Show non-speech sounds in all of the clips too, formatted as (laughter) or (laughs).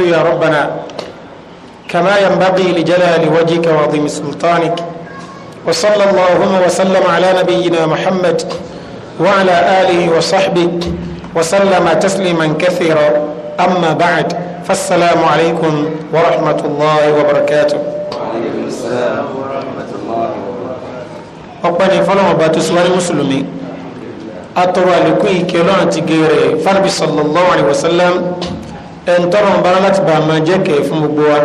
الحمد يا ربنا كما ينبغي لجلال وجهك وعظيم سلطانك وصلى اللهم وسلم على نبينا محمد وعلى آله وصحبه وسلم تسليما كثيرا أما بعد فالسلام عليكم ورحمة الله وبركاته وعليكم السلام ورحمة الله وبركاته أقبل فلما باتسوار مسلمين أترى لكي كيلان تجيري فربي صلى الله عليه وسلم ẹ̀ńtọ́rọ̀ ń bára láti bá a máa jẹ́ kẹ̀ fún gbogbo wa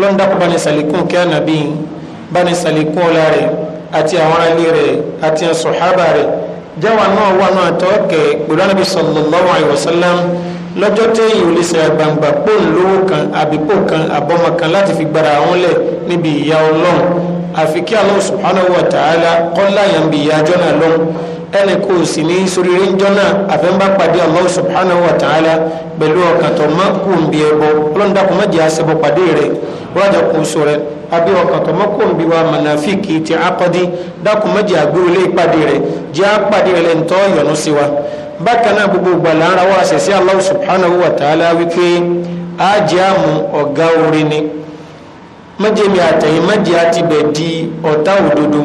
lọ́n dákú bá ní sàlékún kí ànábì bá ní sàlékún ọ̀la rẹ̀ àti àwọn alẹ́ rẹ̀ àti sọ̀hábà rẹ̀ jáwa náà wà náà tọ́ kẹ̀ pẹ̀lú ànábì sallallahu alaihi lọ́jọ́ téèyàn ò lè ṣe lówó kan àbípò kan àbọ́mọ kan láti fi gbara àwọn lẹ̀ níbi ìyà ọlọ́run àfi kí Allah subhanahu wa ta'ala kọ́láyàn bí ìyà ajọ́ náà lọ́run ẹnì kò sì ní sóríire ń jọ́nà àfẹ́ńbá pàdé Allah subhanahu wa ta'ala pẹ̀lú ọkàn tó má kó ń bí ẹbọ ọlọ́dà kò má jẹ́ àṣẹbọ pàdé rẹ̀ wájà kò sọ rẹ̀ abẹ́ ọkàn tó má kó ń bí wa mànàfíìkì ti akọ́dí dákun má jẹ́ àgbúrò lé ìpàdé rẹ̀ jẹ́ àpàdé rẹ̀ lẹ́ńtọ́ yọ̀nù sí wa bákan náà gbogbo gbàlà ara wa àṣẹṣe Allah subhanahu wa ta'ala wípé àjẹ́ àmú ọ̀gá orin ni má jẹ́ mi àtẹ̀yìn má àtibẹ̀ di ọ̀tá òdodo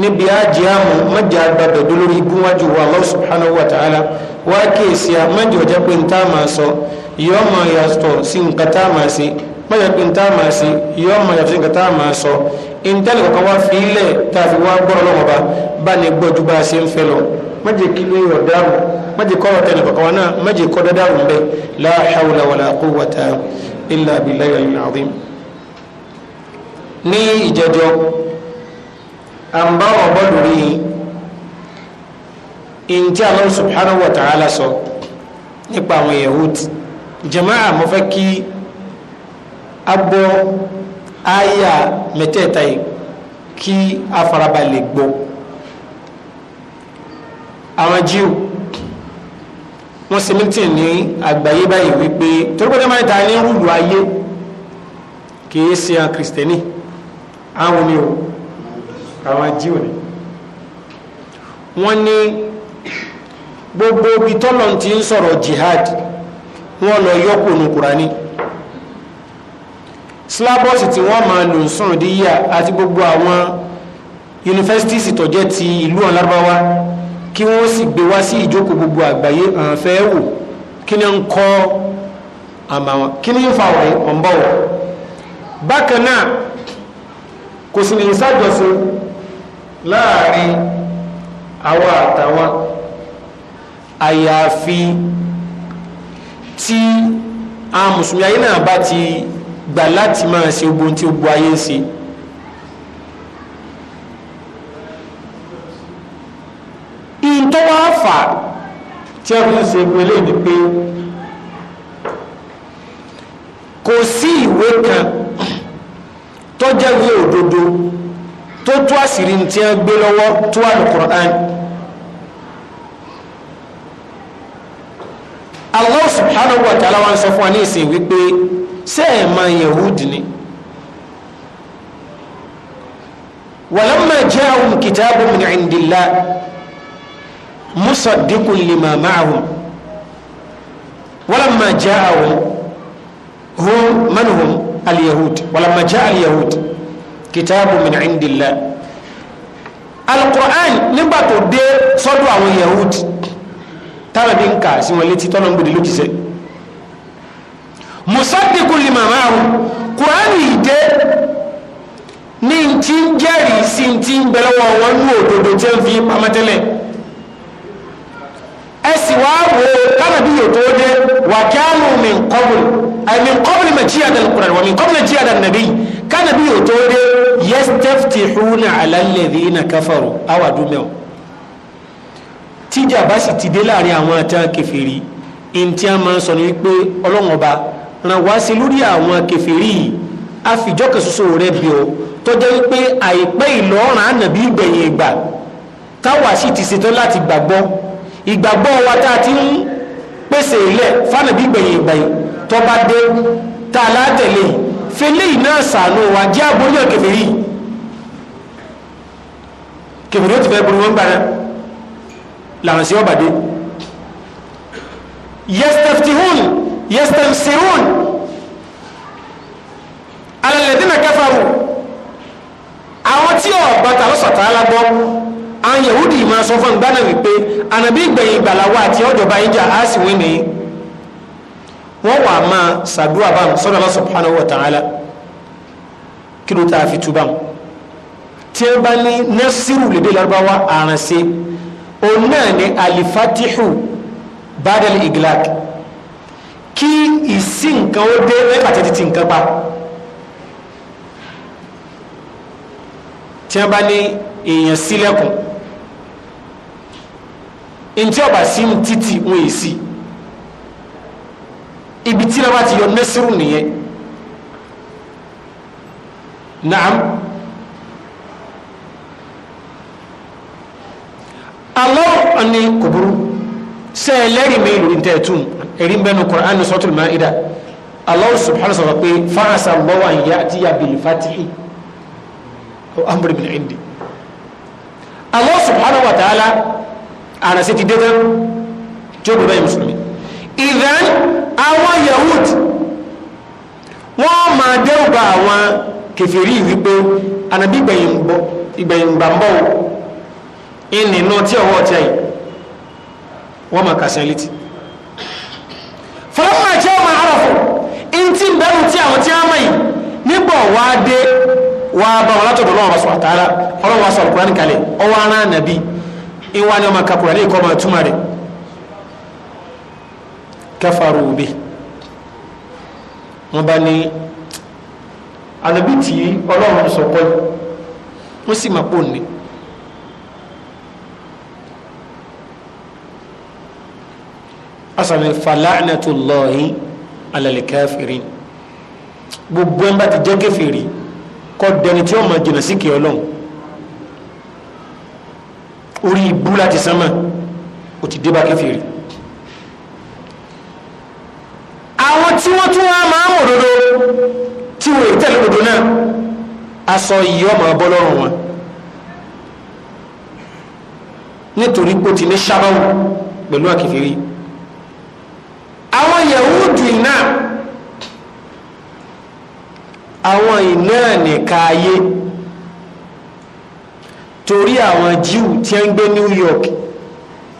níbi àjíàmù mọ́jà gbàgbẹ́ dolórí ibú wájú wa Allah subhanahu wa ta'ala wá kéèsì à mọ́jà ọjà pé ntá máa sọ yọ ọmọ yàtọ̀ sí nǹkan tá máa ṣe mọ́jà pé ntá máa ṣe yọ ọmọ yàtọ̀ sí nǹkan tá máa sọ ìntẹ́lẹ̀ kọ̀ọ̀kan wá fi ilẹ̀ tá a fi wá gbọ́rọ̀ lọ́wọ́ bá bá ní gbọ́jú bá a ṣe ń fẹ́ lọ mọ́jà kí ló yọ̀ dáàbò mọ́jà kọ́ ọ̀tẹ̀lẹ̀ kọ̀ọ̀kan wá náà mọ́jà kọ́ dáàbò bẹ́ẹ̀ la hawla à ń bá wọn bọ́ subhanahu wa ta'ala sọ nípa àwọn yahudi jama'a mo fẹ́ kí a aya mẹ́tẹ̀ẹ̀ta yìí kí a farabalẹ̀ gbọ́ àwọn jíù wọ́n sì mítì ní àgbáyé báyìí wípé torípẹ́tẹ́ máa ń ta ní rúdù ayé kìí ṣe àwọn kìrìsìtẹ́nì àwọn omi o àwọn jíò ní wọ́n ní gbogbo ibi tọ́lọ̀ ti ń sọ̀rọ̀ jihad wọ́n lọ yọ́pò ní kùránì sílábọ̀sì tí wọ́n máa lò ń sọ̀rọ̀ díyà àti gbogbo àwọn yunifásitìsì tó jẹ́ ti ìlú ọ̀lárúbáwá kí wọ́n sì gbé wá sí ìjókòó gbogbo àgbáyé àǹfẹ́ wò kí ni ń kọ́ àmà kí ni ń fa wọ̀nyí ọ̀nbọ̀wọ̀ bákan náà kò sì ní ìsájọsìn láàrin àwa àtàwọn àyàfi tí a mùsùlùmí ayé náà bá ti gbà láti máa ṣe ogun tí gbogbo ayé ń ṣe. tó wá fà tí a fi ṣe ìpele ni pé kò sí ìwé kan tó jẹ́ ìwé òdodo tó tú àṣírí tí wọ́n gbé lọ́wọ́ tó wà ní Qur'an Allah subhanahu wa ta'ala wa ń sọ fún wa ní ìsìn wípé ṣé ẹ̀ máa yahudi ni walamma ja'ahum kitabun min indillah musaddiqun lima ma'ahum walamma ja'ahum hum man hum al-yahud walamma ja'a al-yahud kìtàbù min indillah alukur'an nígbà tó dé sọ́dọ̀ àwọn yahudi táwọn bí ń kà sí wọn létí tọ́nà ń gbèdé lójíṣẹ́ musaddiqu lima ma'ahu kur'an yìí dé ní ti ń jẹ́rìí sí ti ń bẹ̀rẹ̀ wọn wọn ní òdodo tí ń fi pamẹ́tẹ́lẹ̀ ẹ sì wá wo táwọn bí yòó tó dé wa kanu min qabl ay min qabl ma ji'ada al-Qur'an wa min qabl ji'ada an-nabiy kánàbí ò tó dé yastaftihuna ala alladhina kafaru awàdúmẹ́ o tíjà bá sì ti dé láàrin àwọn àti kèfèrí in tí a máa sọ ní wípé ọlọ́run ọba ràn wá sí lórí àwọn kèfèrí yìí àfijọ́ kan ṣoṣo rẹ̀ bí o tọ́jọ́ wípé àìpẹ́ ìlọ́ràn ànàbí ìgbẹ̀yìn ìgbà táwa sì ti ṣetán láti gbàgbọ́ ìgbàgbọ́ wa tá a ti ń pèsè ilẹ̀ fànàbí ìgbẹ̀yìn ìgbà yìí tọ́ba dé tá a látẹ̀lé yìí e, fẹlẹ́ iná sàánú wa jẹ́ àbóyàn kẹfìrí kẹfìrí ó ti fẹ́ burú wọn gbà náà sí ọba dé yastaftihun yastamsirun ala alladhina kafaru àwọn tí ọ̀ bàtà lọ́sọ̀tà alábọ́ àwọn yahudi máa sọ fún gbánà wípé ànàbí ìgbẹ̀yìn ìgbàlá àti ọ̀dọ̀ báyìí á sì wí nìyí wọ́n wà máa sàdúrà bá wọn sọ́dọ̀ Allah subhanahu wa ta'ala kí ló tá a fi túbà wọn tí ẹ bá ní nasiru lédè Lárúbáwá àrànṣe òun náà ní alifatihu badal iglak kí ìsí nǹkan ó dé lẹ́gbàá tẹ́tí ti nǹkan pa tí ẹ bá ní èèyàn sílẹ̀kùn ntí ọba sí títì wọn èsì ibi tí lọ́ba ti yọ nẹ́sìrù nìyẹn naam Allah ni kò burú sẹ́ ẹ lẹ́rìí mi lórí tẹ̀tún ẹ̀rí mbẹ́nu Qur'an suratul Maida Allah subhanahu wa ta'ala pé fa'asa Allahu an ya'tiya bil fatihi aw amri min indi Allah subhanahu wa ta'ala àrẹ̀sẹ̀ ti dẹ́tẹ́ tí ó mùsùlùmí ìdán àwọn yahud wọ́n máa dẹ́rùbà àwọn kèfèrí wípé ànàbí ìgbẹ̀yìn gbàmbọ́ ìní tí ọwọ́ ọ̀tí ẹ̀yìn wọ́n máa kà létí àrọ̀fọ̀ in tí bẹ̀rù tí àwọn tí a mọ̀ yìí nígbà wá dé wá bá wọn látọ̀dọ̀ náà wọ́n sọ àtàrà ọlọ́wọ́ sọ àlùkùránì kalẹ̀ ọwọ́ ara nàbí ìwà kafaru bi wọ́n bá ní anabi tí ọlọ́run sọ pé wọ́n sì máa pò ní. asàmì fala'natullahi alal kafirin gbogbo ẹ̀ ń bá ti jẹ́ kèfèrí kọ́ dẹni tí ó máa jìnnà sí kì ọlọ́run orí ibú láti sánmà ó ti dé bá àwọn tí wọ́n tún wá máa mọ̀ òdodo tí wọ́n tẹ̀lé òdodo náà aṣọ yìí ọmọ bọ́ lọ́rùn wọn nítorí pé ó ti ní ṣábáwò pẹ̀lú àkìfìrí àwọn yahudi náà àwọn iná nìka ayé torí àwọn jíù tí ń gbé New York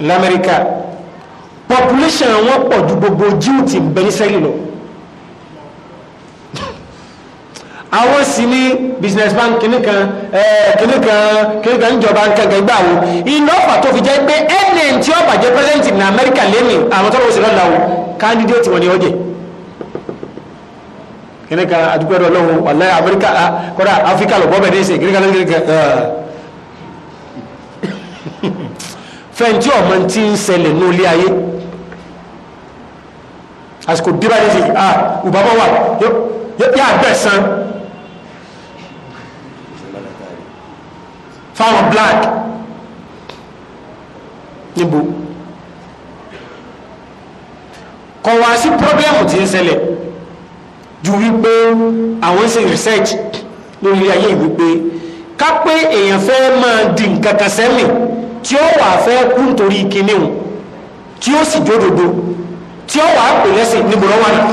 l'Amẹ́ríkà population wọn pọ̀ ju gbogbo jíù tí ń bẹ ní sẹ́yìn lọ àwọn sì ní business bank kìnnìkan kìnnìkan kìnnìkan níjọba kankan gbà wo iná ọ̀fà tó fi jẹ́ pé ẹnì tí ó bàjẹ́ president ní Amẹ́ríkà lẹ́nu àwọn tó lọ́wọ́ sí lọ́la o candidate wọn ni ó jẹ́ kìnnìkan àdúgbò ẹ̀rọ lọ́wọ́ wàlẹ́ Amẹ́ríkà kọ́dà Áfíríkà lọ́gbọ́ bẹ̀rẹ̀ ṣe kìnnìkan lọ́wọ́ kìnnìkan fẹ́ntì ọ̀mọ ti ń ṣẹlẹ̀ ní ilé ayé àsìkò débà ní ah à ìbábọ̀ wà yóò bẹ̀ san fáwọn black nibo kọ̀ wá sí pírọ́blẹ́mù tí ń ṣẹlẹ̀ ju wípé àwọn ṣe research lórí ayé wípé ká pé èèyàn fẹ́ máa di nǹkan kan sẹ́mì tí ó wà fẹ́ kú nítorí kinní tí ó sì jódodo tí ó wà á pè lẹ́sìn níbo lọ́wọ́ rẹ̀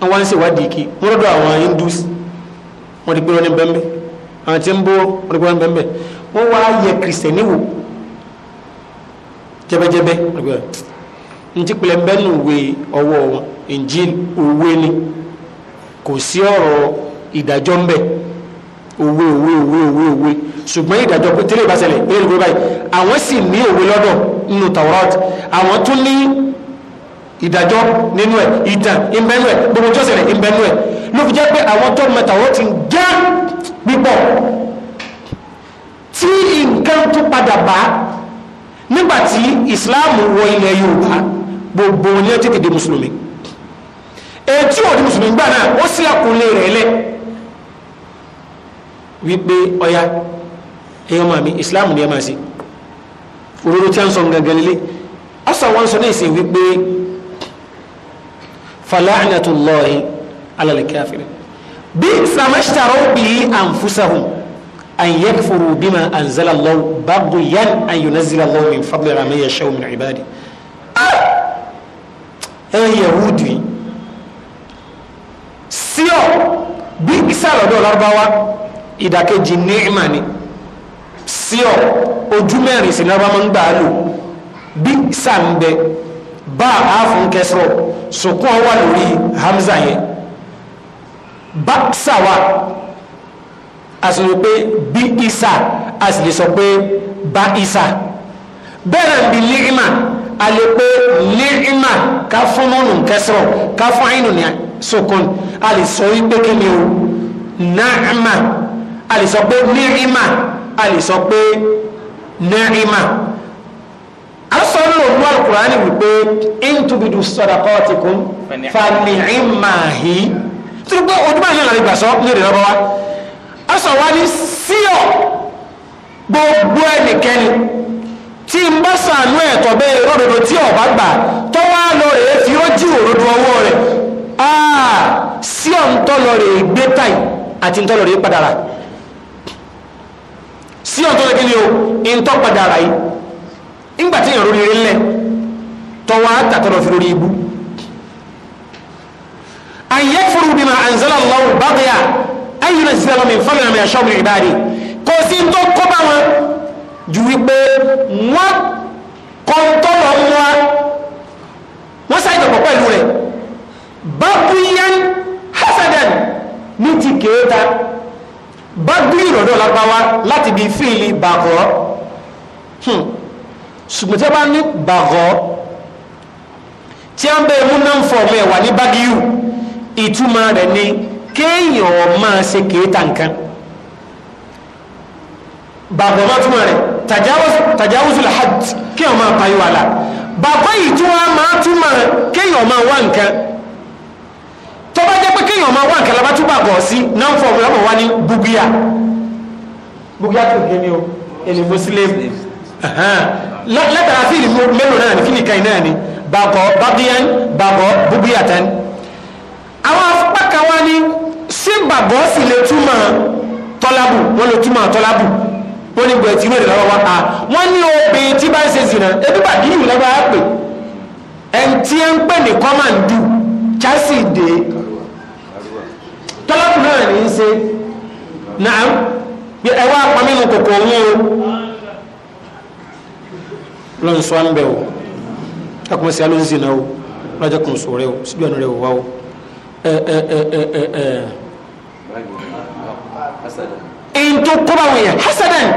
wọ́n wá ń ṣèwádìí kí wọ́n lọ́dọ̀ àwọn hindus wọ́n ti gbé wọn ní bẹ́ẹ̀ bẹ́ẹ̀ àwọn tí ń bó wọ́n ti gbé wọn ní bẹ́ẹ̀ wá yẹ kìrìsìtẹ́nì wò jẹ́bẹ́jẹ́bẹ́ ntí pilẹ̀ bẹ́ẹ̀ nù wé ọwọ́ wọn Injil òwe ni kò sí ọ̀rọ̀ ìdájọ́ ńbẹ̀ òwe òwe òwe òwe òwe ṣùgbọ́n ìdájọ́ pé tẹ́lẹ̀ ìbáṣẹ̀lẹ̀ bẹ́ẹ̀ ni kò báyìí àwọn sì ní òwe lọ́dọ̀ nínú Taurat àwọn tún ní ìdájọ́ nínú ẹ̀ ìtàn ìbẹ́nu ẹ̀ gbogbo jọ́sẹ̀rẹ̀ ìbẹ́nu ẹ̀ ló fi jẹ́ pé àwọn tó mẹ́ta wọ́n ti ń gẹ́ pípọ̀ tí nǹkan tó padà bá nígbàtí ìsìláàmù wọ ilẹ̀ Yorùbá gbogbo ní ẹ tètè di mùsùlùmí etí ò mùsùlùmí gbà náà ó sì àkùnlé rẹ̀ lẹ̀ wípé ọya ẹ̀yọ́ màmí ìsìláàmù ni ẹ máa ṣe òróró tí a ń sọ gangan lélẹ̀ ọ̀sán wọn sọ ní ìsìn wípé falahnatullahi alal kafirin bí samashtaro bihi anfusahum an yakfuru bima anzala Allah baghyan an yunzila Allah min fadli man yasha min ibadi ẹ yahudi síọ bí ìsàlọdọ Lárúbáwá ìdàkejì ní ìmàní síọ ojú mẹ́rin sí Lárúbáwá máa ń gbà bá a fún kẹsìrọ̀ sùkún ọwà lórí hamza yẹn bá sàwà a sì lè pé bí isa a sì lè sọ pé bá isa bẹ́ẹ̀ náà bí lírìmà a lè pé lírìmà ká fún mọ́nù kẹsìrọ̀ ká fún àyínú ní sùkún a lè sọ wípé kí o náàmà a lè sọ pé lírìmà a lè sọ pé náàmà asọ ló mú alukurani wípé intubidu sadaqatikum fani'imahi tí gbọ́ ojúmọ̀ yẹn lọ́dún gbàsọ́ ní èdè lọ́wọ́ wa asọ wa ní síọ̀ gbogbo ẹnikẹ́ni tí n bá sànú ẹ̀tọ́ bẹ́ẹ̀ ròdòdó tí ọ̀bá gbà tó wá lọ rèé fi ó jí òròdó ọwọ́ rẹ̀ sí ọ̀ntọ́lọ̀ rèé gbé táì àti ntọ́lọ̀ rèé padà rà sí ọ̀ntọ́lọ̀ kí ni o ìntọ́ padà rà yìí ńgbà tí èèyàn lórí rẹ lẹ tọwọ́ àtàtọ̀rọ̀ fi lórí ibú àyẹ́ fúru bí ma àǹzẹ́lá lọ́wọ́ bàbá ayélujára sí ẹlọ́mọ ìfọ́nà àmì àṣọ mi ìbáde kò sí tó kọ́ bá wọn ju wípé wọ́n kọ́ tó lọ mọ́ a wọ́n sáyé dọ̀pọ̀ pẹ̀lú rẹ̀ bákúyán hasadan ní ti kéèta bá gbé ìrọ̀dọ̀ lápá wa láti bí fíìlì bàkọ́ ṣùgbọ́n tí a bá ní bàgọ́ tí a ń bẹ mú náà fọ ọmọ ẹ̀ wà ní bágíyù ìtumọ̀ rẹ̀ ni kéèyàn máa ṣe kéèta nǹkan bàgọ́ máa túmọ̀ rẹ̀ tajawuzu lahad kéèyàn máa payọ́ àlà bàgọ́ yìí tí wọ́n máa túmọ̀ kéèyàn máa wá nǹkan tó bá jẹ́ pé kéèyàn máa wá nǹkan labátú bàgọ́ sí náà fọ ọmọ ẹ̀ wà ní bugia bugia tó gé ní o èlé muslim. muslim látara fíìlì mélòó náà ni fíìlì kan náà ni bàkọ bàbíyàn bàbọ búbíyàtàn àwọn afọ́pá kan wá ní sí bàbọ sì lè túmọ̀ tọ́lábù wọ́n lè túmọ̀ tọ́lábù wọ́n ní gbẹ̀tì ìwé ìdàlọ́wọ́ wa a wọ́n ní obìnrin tí bá ń ṣe zìnà ebi bàbí yìí lọ́gbàá pè ẹ̀ ń tí ń pè ní kọ́màndù chasi dé tọ́lábù náà ní í ṣe náà ẹ wá pamínú kòkòrò wọn o lọ́n sọ án bẹ̀ o kakùn sí alóhùn sí náà o lọ́jọ́ kùn sọ rẹ o síbi ọ̀nà rẹ o wá o ẹ ẹ ẹ ẹ ẹ ẹ. ètò kọ́ba wọ̀nyẹ hasadan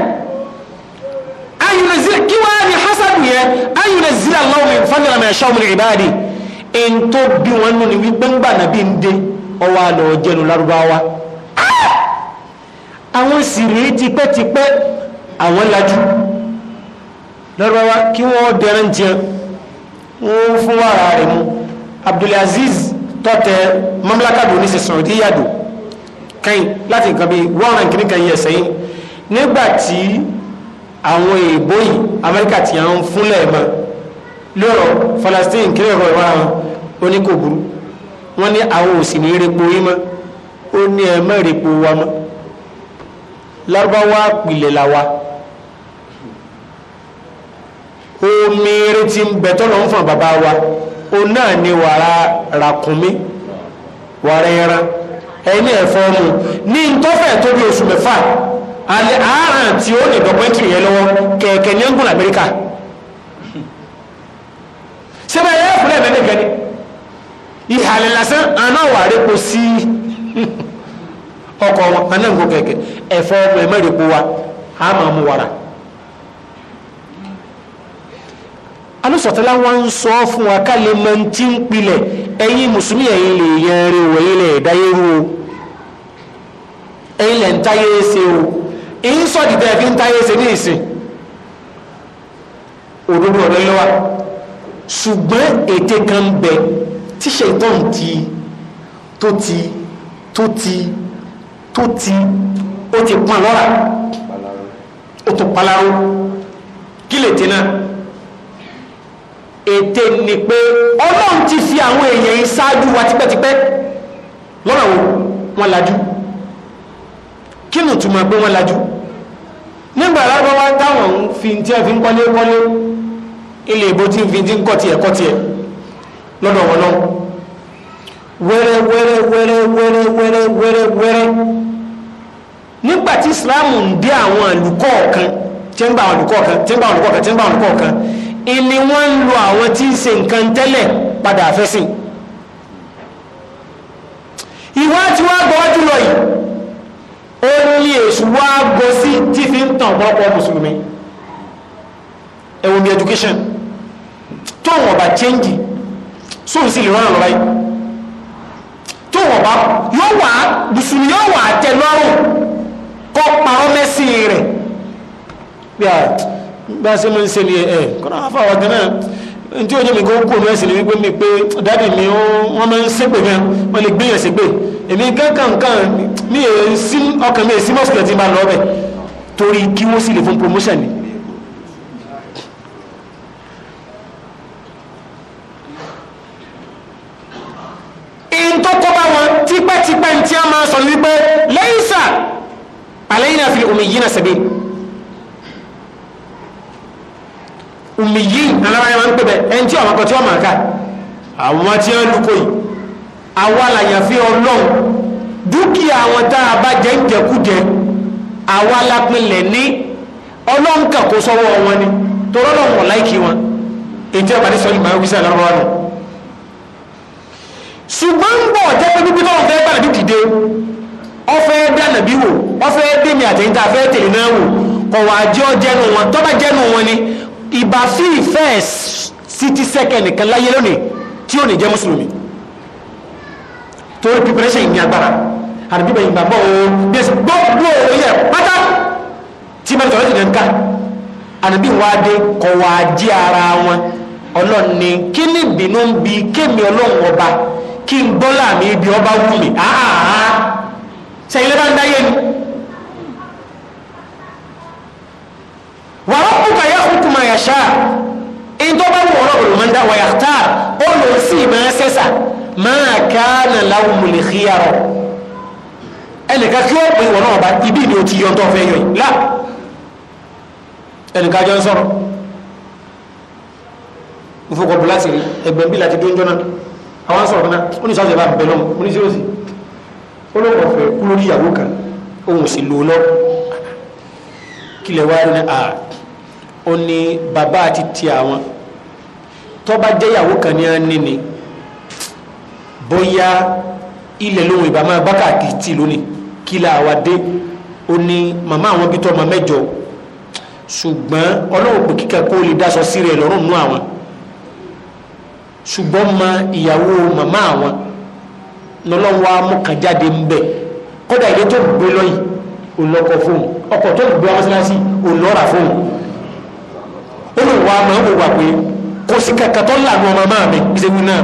ayunazir kí wàá ní hasadu yẹ ayunazir Allahu min fadla ma yasha'u min ibadi ètò bí wọn nù ní gbẹ́ngbà nàbí ń dé ọwọ́ àlọ́ jẹnu lárúbáwá ah! àwọn sì rí tipẹ́tipẹ́ àwọn lajú lọ́rọ̀wá kí wọ́n dẹ̀rẹ̀ tiẹ̀ wọ́n fún wàrà rẹ̀ mú Abdulaziz tọ́tẹ mamlakado ní sẹ sọ̀rọ̀ díyàdó kẹ́yìn láti nǹkan bíi wọ́n ràn kiri kan yẹ sẹ́yìn nígbà tí àwọn èèbó yìí Amẹ́ríkà ti àwọn fúnlẹ̀ mọ́ lọ́rọ̀ Falastin kiri ọ̀rọ̀ ìwà wọn oníkòburú wọ́n ní àwọn òsì ní erépo yìí mọ́ ó ní ẹ̀mọ́ erépo wa mọ́ lárúbáwá pìlẹ̀ làwa. La omi eré tí ń bẹ tọ́lọ̀ ń fa bàbá wa o náà ni wàrà ràkúnmí wàrà ẹran ẹni ẹ̀fọ́ mu ní ntọ́fẹ̀ tó bí oṣù mẹ́fà alẹ́ àárán tí ó lè dọ́gbẹ́ kiri yẹn lọ́wọ́ kẹ̀kẹ́ ní ẹ̀ngùn Amẹ́ríkà sẹ́bẹ̀ ẹ̀yẹ́ ìpínlẹ̀ mẹ́tẹ̀kẹ́ ni ìhàlẹ̀ lásán àná wà rẹ́pọ̀ sí (laughs) ọkọ̀ wọn anáǹgó kẹ̀kẹ́ ẹ̀fọ́ mẹ́mẹ́rẹ́pọ̀ wa a máa wàrà. alùsọ̀tẹ́lá wọn ń sọ fún wa ká lè mọ tí ń pilẹ̀ ẹ̀yin mùsùlùmí ẹ̀yin lè yẹn rẹ wọ̀nyí lẹ̀ ẹ̀dáyé rú o ẹ̀yin lẹ̀ ń táyé ṣe o èyí sọ dìtẹ̀ fi ń táyé ṣe ní ìsìn òdodo ọ̀rọ̀ lọ́wọ́ ṣùgbọ́n ète kan bẹ tí ṣètọ́n ti tó ti tó ti tó ti ó ti pọn lọ́ra ó tó paláró kí lè tẹ náà. ète ni pé ọlọ́run ti fi àwọn èèyàn yìí ṣáájú wa tipẹ́tipẹ́ lọ́nà wo wọ́n lajú kí ni ìtumọ̀ pé lajú nígbà táwọn fi tí ẹ fi ń kọ́lé wọlé ilé ìbò tí ń fi tí ń kọ́ tiẹ̀ kọ́ tiẹ̀ Islam ń ìní wọ́n ń lo àwọn tí ń ṣe nǹkan tẹ́lẹ̀ padà fẹ́sìn ìwá tí wọ́n gbọ́ jùlọ yìí ó ní èṣù wá gọ sí tí fi ń tàn ọ̀pọ̀lọpọ̀ mùsùlùmí ẹ̀wọ̀n bí education tó wọ́n bá change sóhùn sí lè rán àlọ́ báyìí tó wọ́n bá yóò wà mùsùlùmí yóò wà tẹ́lọ́rùn kọ́ parọ́ mẹ́sìn rẹ̀ bí i bá ṣe mọ́ ń ṣe ní ẹ̀ kọ́nà àfà wà gánà tí ó jẹ́ mi kó kó mi ẹ̀sìn ní wípé mi pé dáàdì mi wọ́n máa ń ṣépè mi wọ́n lè gbéyàn ṣépè èmi gánkankan mi è sí ọkàn mi è sí mọ́sùkẹ̀ tí n bá lọ bẹ̀ torí kí wọ́n sì lè fún promotion ni. ìntó kó tipẹ́tipẹ́ tí a máa sọ ní wípé lẹ́yìn sà àlẹ́ yìí náà fi omi yìí náà ṣẹ̀bi. umi yìí alábàáyé máa ń pè bẹ ẹni tí ọmọ kan tí ọmọ ká àwọn tí wọn lukọ yìí àwa làyànfi Ọlọ́run dúkìá wọn tá a bá jẹ ń jẹkújẹ àwa lápinlẹ ní Ọlọ́run kà sọ́wọ́ wọn ni torọ náà wọn láìkí wọn ètò ìpàdé sọ ìgbà wíṣẹ lọrọ nù ṣùgbọ́n ń bọ̀ jẹ́ pé pípẹ́ tọ́wọ́ fẹ́ bàdàbí dìde ọfẹ́ dànàbí wò ọfẹ́ dèmi àtẹ̀yìntà fẹ́ tèlé náà wò kọ̀wá jẹ́ ọjẹ́nu wọn tọ́ba jẹ́nu wọn ni ìbá sí ìfẹ́ sí ti sẹ́kẹ̀ nìkan láyé lónìí tí ò ní jẹ́ mùsùlùmí torí preparation yìí ní agbára àdàbí bẹ̀yìn bàbọ̀ o bí ẹsẹ̀ gbogbo ilẹ̀ pátá tí mẹ́rin tọ́lá ti dẹ̀ ń ká kí n gbọ́lá mi ibi ọba wù mí áhàá sẹ́yìn lẹ́bàá ń dáyé ni wàá kúkà yẹ yàṣà ìjọba wọ̀ ọ́rọ̀ bọ̀rọ̀ máa ń dá wọ̀ yàtà ó lọ sí máa sẹ́sà máa ká nà láwùn mùlẹ̀ kíyàrọ̀ ẹnìkan kí ó pè wọ̀ náà bá ibi ni o ti yọ tó fẹ́ yọ yìí lá ẹnìkan jọ ń sọ̀rọ̀ mo fọkọ̀ bù láti rí ẹgbẹ́ bí láti dóńjọ́ náà àwọn sọ̀rọ̀ kan náà ó ní sáwọ́sẹ̀ bá bẹ̀ lọ́mù ó ní sírósì ó ló kọ̀ fẹ́ kú lórí ìyàwó kan òun sì lò lọ kílẹ̀ wá ní àà ó ní bàbá àti ti àwọn tọ́ba jẹ́yàwó kan ní án níní bóyá ilẹ̀ lóhun ìbá máa bá káàkiri tì lónìí kí la dé ó ní màmá àwọn bí tọ́mọ mẹ́jọ ṣùgbọ́n ọlọ́run pè kíkà kó lè dáṣọ sí lọ́rùn nú ma ìyàwó màmá àwọn lọ́lọ́wọ́ amúkànjáde ń bẹ̀ kódà ilé tó gbé lọ́yìn òun lọ́kọ̀ fóun ọkọ̀ tó gbé wá mọ́sálásí òun lọ́ra ó lè wá máa wò wà pé kò sí kankan tó lànà ọmọ máa mi ṣe wí náà.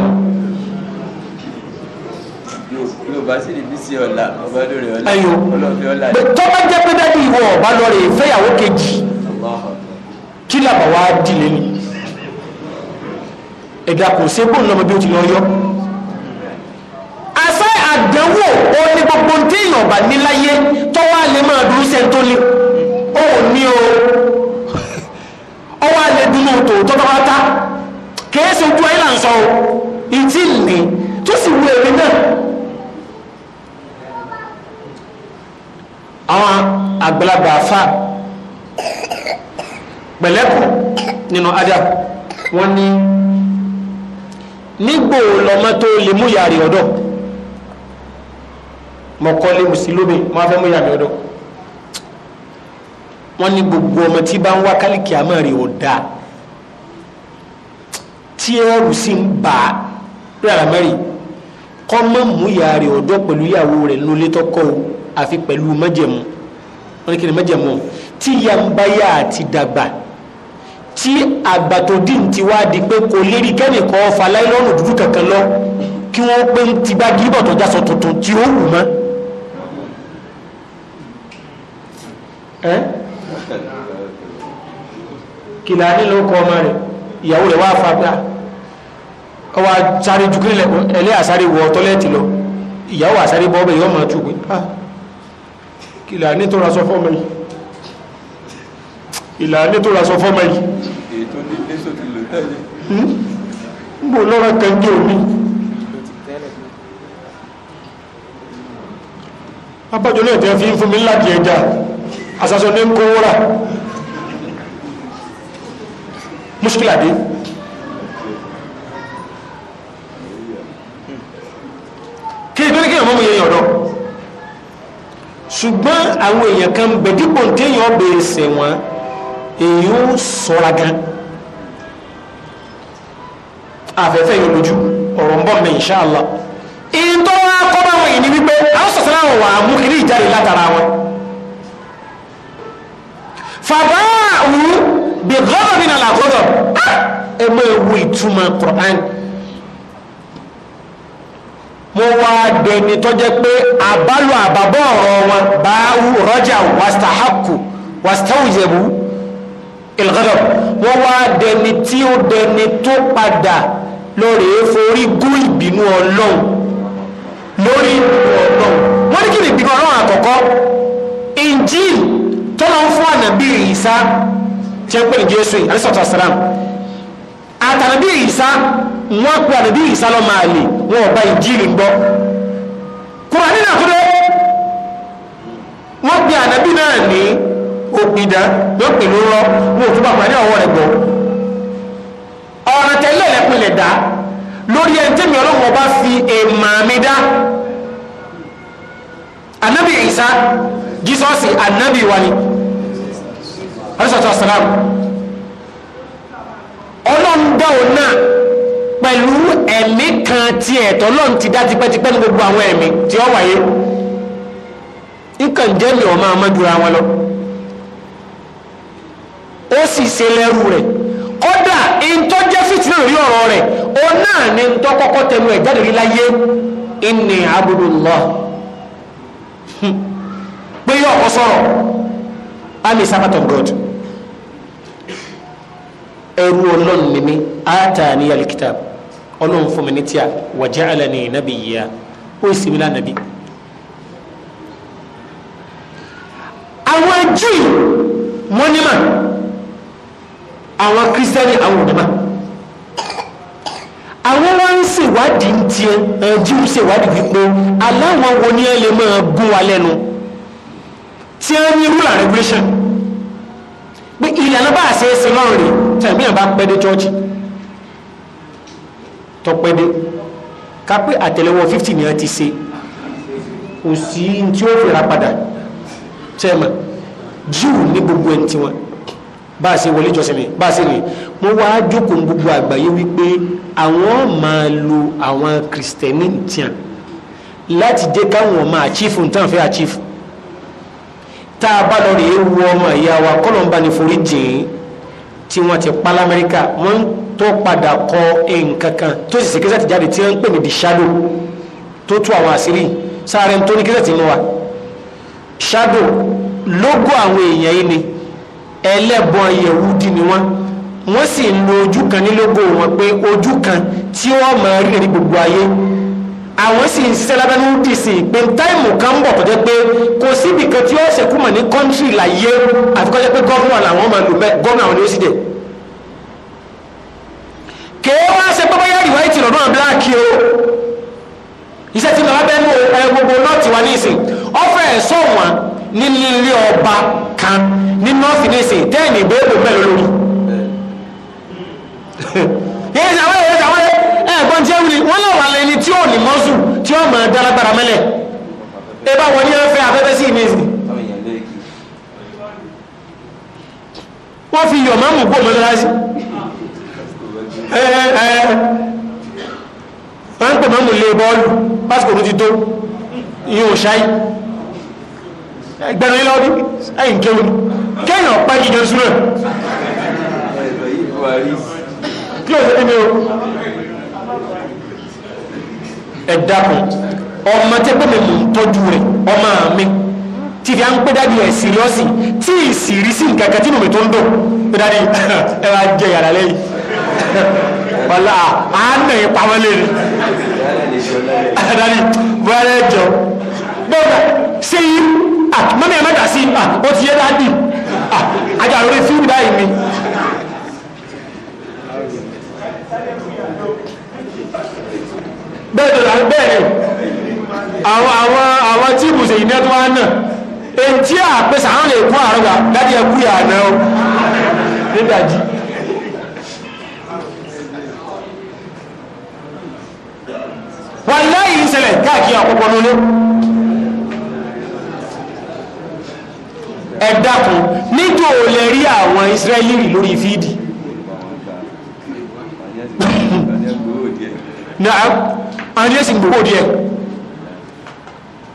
yorùbá sì ní bísí ọ̀la ọba lórí ọ̀la ọlọ́fẹ́ ọ̀la. tó bá jẹ́ pé dájú ìwọ ọba lọ rè fẹ́yàwó kejì kí làbà wá dìlé ni ẹ̀dá kò sí bóun lọ́mọ bí ó ti lọ yọ. afẹ́ àdánwò ó ní gbogbo téèyàn ọba níláyé tọ́wọ́ á lè máa dúró sẹ́ńtólé ó ní o ọwọ́ alẹ́ dúró tòótọ́ bá wá tá kèé sojú ayé là ń sọ o ìtì ní tó sì wú èmi náà. àwọn àgbàlagbà afa pẹ̀lẹ́kù nínú adab wọ́n ní nígbò lọ́mọ tó lè mú yàrá ọ̀dọ́ mọ̀kọ́ lé mùsùlùmí wọ́n fẹ́ mú yàrá ọ̀dọ́ wọ́n ní gbogbo ọmọ tí bá ń wá kálíkì àmọ́ rẹ̀ ò dáa tí ẹrù sì ń bà á rárá mẹ́rin kọ́ mọ́ mú ìyá rẹ̀ ọ̀dọ́ pẹ̀lú ìyàwó rẹ̀ lólé tọ́kọ́ o àfi pẹ̀lú májẹ̀mú wọ́n ní kí ni májẹ̀mú o tí ìyá ń bá yá àti dàgbà tí àgbàtòdì ti wá di pé kò lérí kẹ́nìkan ọ̀fà láìlọ́nù dúdú kankan lọ kí wọ́n pé ń ti bá gíbọ̀ tuntun tí ó wù mọ́. Eh? kìlà nílò ọkọ ọmọ rẹ̀ ìyàwó rẹ̀ wá fapá ọwọ́ sáré jù kílẹ̀ ẹlẹ́ àsáré wọ tọ́lẹ́tì lọ ìyàwó àsáré bọ́ ọbẹ̀ yọ ọmọ tù pé ah kìlà nítorà sọ fọ́mọ yìí ìlà nítorà sọ fọ́mọ yìí. ètò ní lẹ́sọ̀ ti lò tẹ́lẹ̀. ń hmm? bò lọ́rọ̀ kan omi. abájọ náà tẹ́ fi fún mi ńlá di ẹja àsàsọ ní ń muskila dé kí ìdúró kí ìyàmọ́ yẹn yọ̀dọ̀ ṣùgbọ́n àwọn èèyàn kan bẹ̀dípò téèyàn bèèrè sẹ̀wọ̀n èyí ó sọ́ra gan afẹ́fẹ́ yóò lójú ọ̀rọ̀ ń bọ̀ mẹ́ inṣáàlá ìyìn tó wá kọ́ bá wọn yìí wípé àwọn sọ̀sọ́ra wọn wà á mú kiri ìjáde látara wọn fàbáà wù ú bí gbọ́dọ̀ bí nàlá gbọ́dọ̀ ẹ máa wo ìtumọ̀ Quran mo wá dẹni tó jẹ́ pé àbálò àbábọ̀ ọ̀rọ̀ wọn báwù rọ́jà wàstáhàkù wàstáwùjẹ̀bù ìlgọ́dọ̀ wọ́n wá dẹni tí ó dẹni tó padà lórí forí gún ìbínú ọlọ́run lórí ìbínú ọlọ́run wọ́n ní kí ni ìbínú ọlọ́run àkọ́kọ́ Injil tó fún ànàbí Ìsá tí ń pè ní jésù yìí alẹ́sọ̀tọ̀ àsàlám àtànàbí ìsá wọn pe ànàbí ìsá lọ máa lè wọn ò bá ìjíìlì gbọ́ kùránì náà tó dé wọn pe ànàbí náà ní òpìdá wọn pè ló rọ wọn ò tún bá kùránì ọwọ́ rẹ̀ gbọ́ ọ̀ràn tẹ́lẹ̀ lẹ́pìnlẹ̀ dá lórí ẹni tẹ́mi ọlọ́run ọba fi èèmà mi dá ànàbí ìsá jísọ́ọ̀sì ànàbí wa ni. alẹ́sàtọ̀ àsàlámù ọlọ́ndà ò náà pẹ̀lú ẹ̀mí kan tí ẹ̀tọ́ lọ́n ti dá tipẹ́tipẹ́ ní gbogbo àwọn ẹ̀mí tí ó wáyé nǹkan jẹ́ mi ọ̀ máa wọn lọ ó sì ṣe lẹ́rù rẹ̀ kódà ìtọ́jẹ́ fìtínà rí ọ̀rọ̀ rẹ̀ ó náà ní kọ́kọ́ tẹnu ẹrú ọlọ́run ni mí àtàní alikitab ọlọ́run fún mi ní tíà wa ja'alani nabiyya ó sì mí lánàbí. àwọn jíì wọ́n ní mà àwọn kírísítẹ́nì àwọn òdìmọ̀ àwọn wọn ń ṣèwádìí ń tiẹ̀ ẹ̀ jíì ń ṣèwádìí wípé aláwọn wo ni ẹ lè máa gún wa lẹ́nu tí ẹ ní rule and ìlànà bá àṣẹ ẹsẹ lọ́rùn rè tẹ̀gbìyàn bá pẹ́ dé chọ́ọ̀chì tó pẹ́ dé ká pé àtẹ̀lẹ́wọ́ fifty ni a ti ṣe kò sí tí ó fèrà padà tẹ́ẹ̀mà jíù ní gbogbo ẹni tiwọn bá a ṣe wọlé jọsìn mi bá a ṣe rè mo wá jókòó gbogbo àgbáyé wípé àwọn máa lo àwọn kìrìsìtẹ́nì tiẹ̀ láti dé káwọn máa achieve nǹkan fẹ́ tá a bá lọ rè é wu ọmọ ìyá wa kọlọmba ní forí jìn tí wọn ti pa lamẹríkà wọn tó padà kọ nǹkan kan tó sì ṣe kẹsẹtì jáde tí wọn ń pè ní the shadow tó tú àwọn àṣírí sáré tó ní kẹsẹtì mú wa shadow lógo àwọn èèyàn yìí ni ẹlẹ́bọn yẹ̀wúdí ni wọ́n wọ́n sì ń lo ojú kan ní lógo wọn pé ojú kan tí wọ́n máa rí ní gbogbo ayé àwọn sì ń ṣiṣẹ́ lábẹ́ ní dc pé táìmù kan ń bọ̀ tó jẹ́ pé kò síbi kan tí ó ṣẹ̀kú mọ̀ ní kọ́ńtírì láyé àfikọ́ jẹ́ pé gọ́ọ̀nà làwọn máa lò mẹ́ gọ́ọ̀nà àwọn ni ó sì dẹ̀. kèé wá ṣe pé bóyá ìwà ìtì lọ́dún àbíláàkì o iṣẹ́ tí lọ́wọ́ bẹ́ẹ̀ ní ẹ gbogbo náà ti wá ní ìsìn ọ̀fẹ́ ẹ̀sọ́ wọn ní ilé ọba kan ní nọ́ọ̀fì ní ìsìn tẹ́ẹ̀nì ìgbéèbò tí ọmọ dálágbára mẹ́lẹ̀ ẹbá wọn ní ẹfẹ́ afẹ́fẹ́ sí ìmẹ́sì wọ́n fi yọ̀ máa mú gbò mọ́lẹ́lásí wọ́n ń pè máa mú lé bọ́ọ̀lù pásítọ̀ ló ti tó yíò ṣáì ẹgbẹ̀rún ilé ọdún ẹ̀yìn kéwòn ẹ̀dá kan ọmọ tẹ́ pé mi mò ń tọ́jú rẹ̀ ọmọ mi tí fi à ń pé dáàdi ẹ̀ síríọ́sì tí ìsìrí sí nǹkan kan tí mo mi tó ń dùn pé dáàdi (laughs) ẹ wá jẹ yàrá lẹ́yìn (laughs) wàlá àánà ìpamọ́ lè rí dáàdi bóyá lẹ́jọ bọ́ọ̀dà ṣé yí mọ́mí ẹ̀ mẹ́ta sí ó ti yẹ dáàdi àjọ àròrí fíìmù báyìí mi. bẹ́ẹ̀ bẹ́ẹ̀ àwọn àwọn àwọn tí ibùsùn ìní ẹ̀tọ́ wọn náà èyí tí a pèsè àwọn lè kún àrùn wa láti ẹkú yà náà ó nígbàjí. wà láyé ìṣẹ̀lẹ̀ káàkiri àkọ́kọ́ lólé ẹ dákun níjó lè rí àwọn Israẹli lórí fídì. (laughs) náà àti ẹ̀sìn gbogbo díẹ̀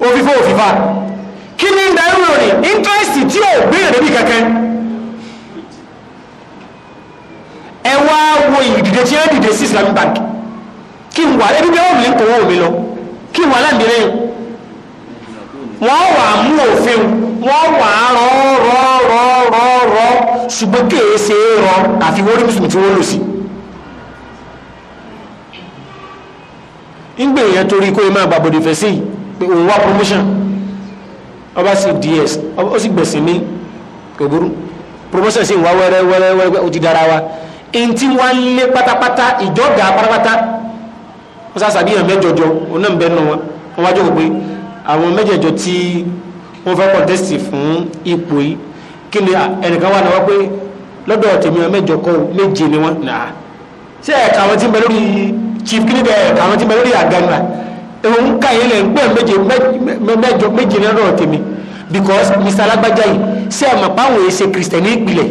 òfìfò òfìfà kí ní ìdá ìrò rẹ̀ interest tí ò béèrè níbi kankan ẹ wá wo ìdìde tí ẹ dìde sí Islamic Bank kí n wà ẹbí bí wọn lè ń kówó mi lọ kí n wà láǹdí lẹ́yìn wọn wà á mú òfin wọn wà á rọ rọ rọ ṣùgbọ́n kèé rọ àfi wọ́n mùsùlùmí tí wọ́n lò sí ńgbè yẹn torí kó máa gbàbọ̀dẹ̀ fẹ̀ sí pé òun wá promotion ọba sí ds ó sì gbẹ̀sìn mí kò promotion sì ń wá wẹ́rẹ́ wẹ́rẹ́ wẹ́rẹ́ ó ti dára wa ẹni tí wọ́n ń lé pátápátá ìjọ́gà pátápátá wọ́n sá sàbíyàn mẹ́jọjọ òun náà ń bẹ́ nù wọn wọ́n wájú òpin àwọn mẹ́jẹ̀jọ tí wọ́n fẹ́ kọ̀ǹtẹ́sì fún ipò yìí kí ni ẹnìkan wà náà pé lọ́dọ̀ tèmi mẹ́jọ kọ́ méje ni wọ́n nà á ṣé ẹ̀ka àwọn tí ń bẹ lórí chief kini bẹ àwọn tí bẹ̀rẹ̀ àgànà òun ká yẹn lẹ ń pẹ méje mẹ́jọ méje lọ́rọ̀ tèmi because mr alágbájá yìí ṣé àmọ páwọn èsè kìrìsìtẹnì ìpìlẹ̀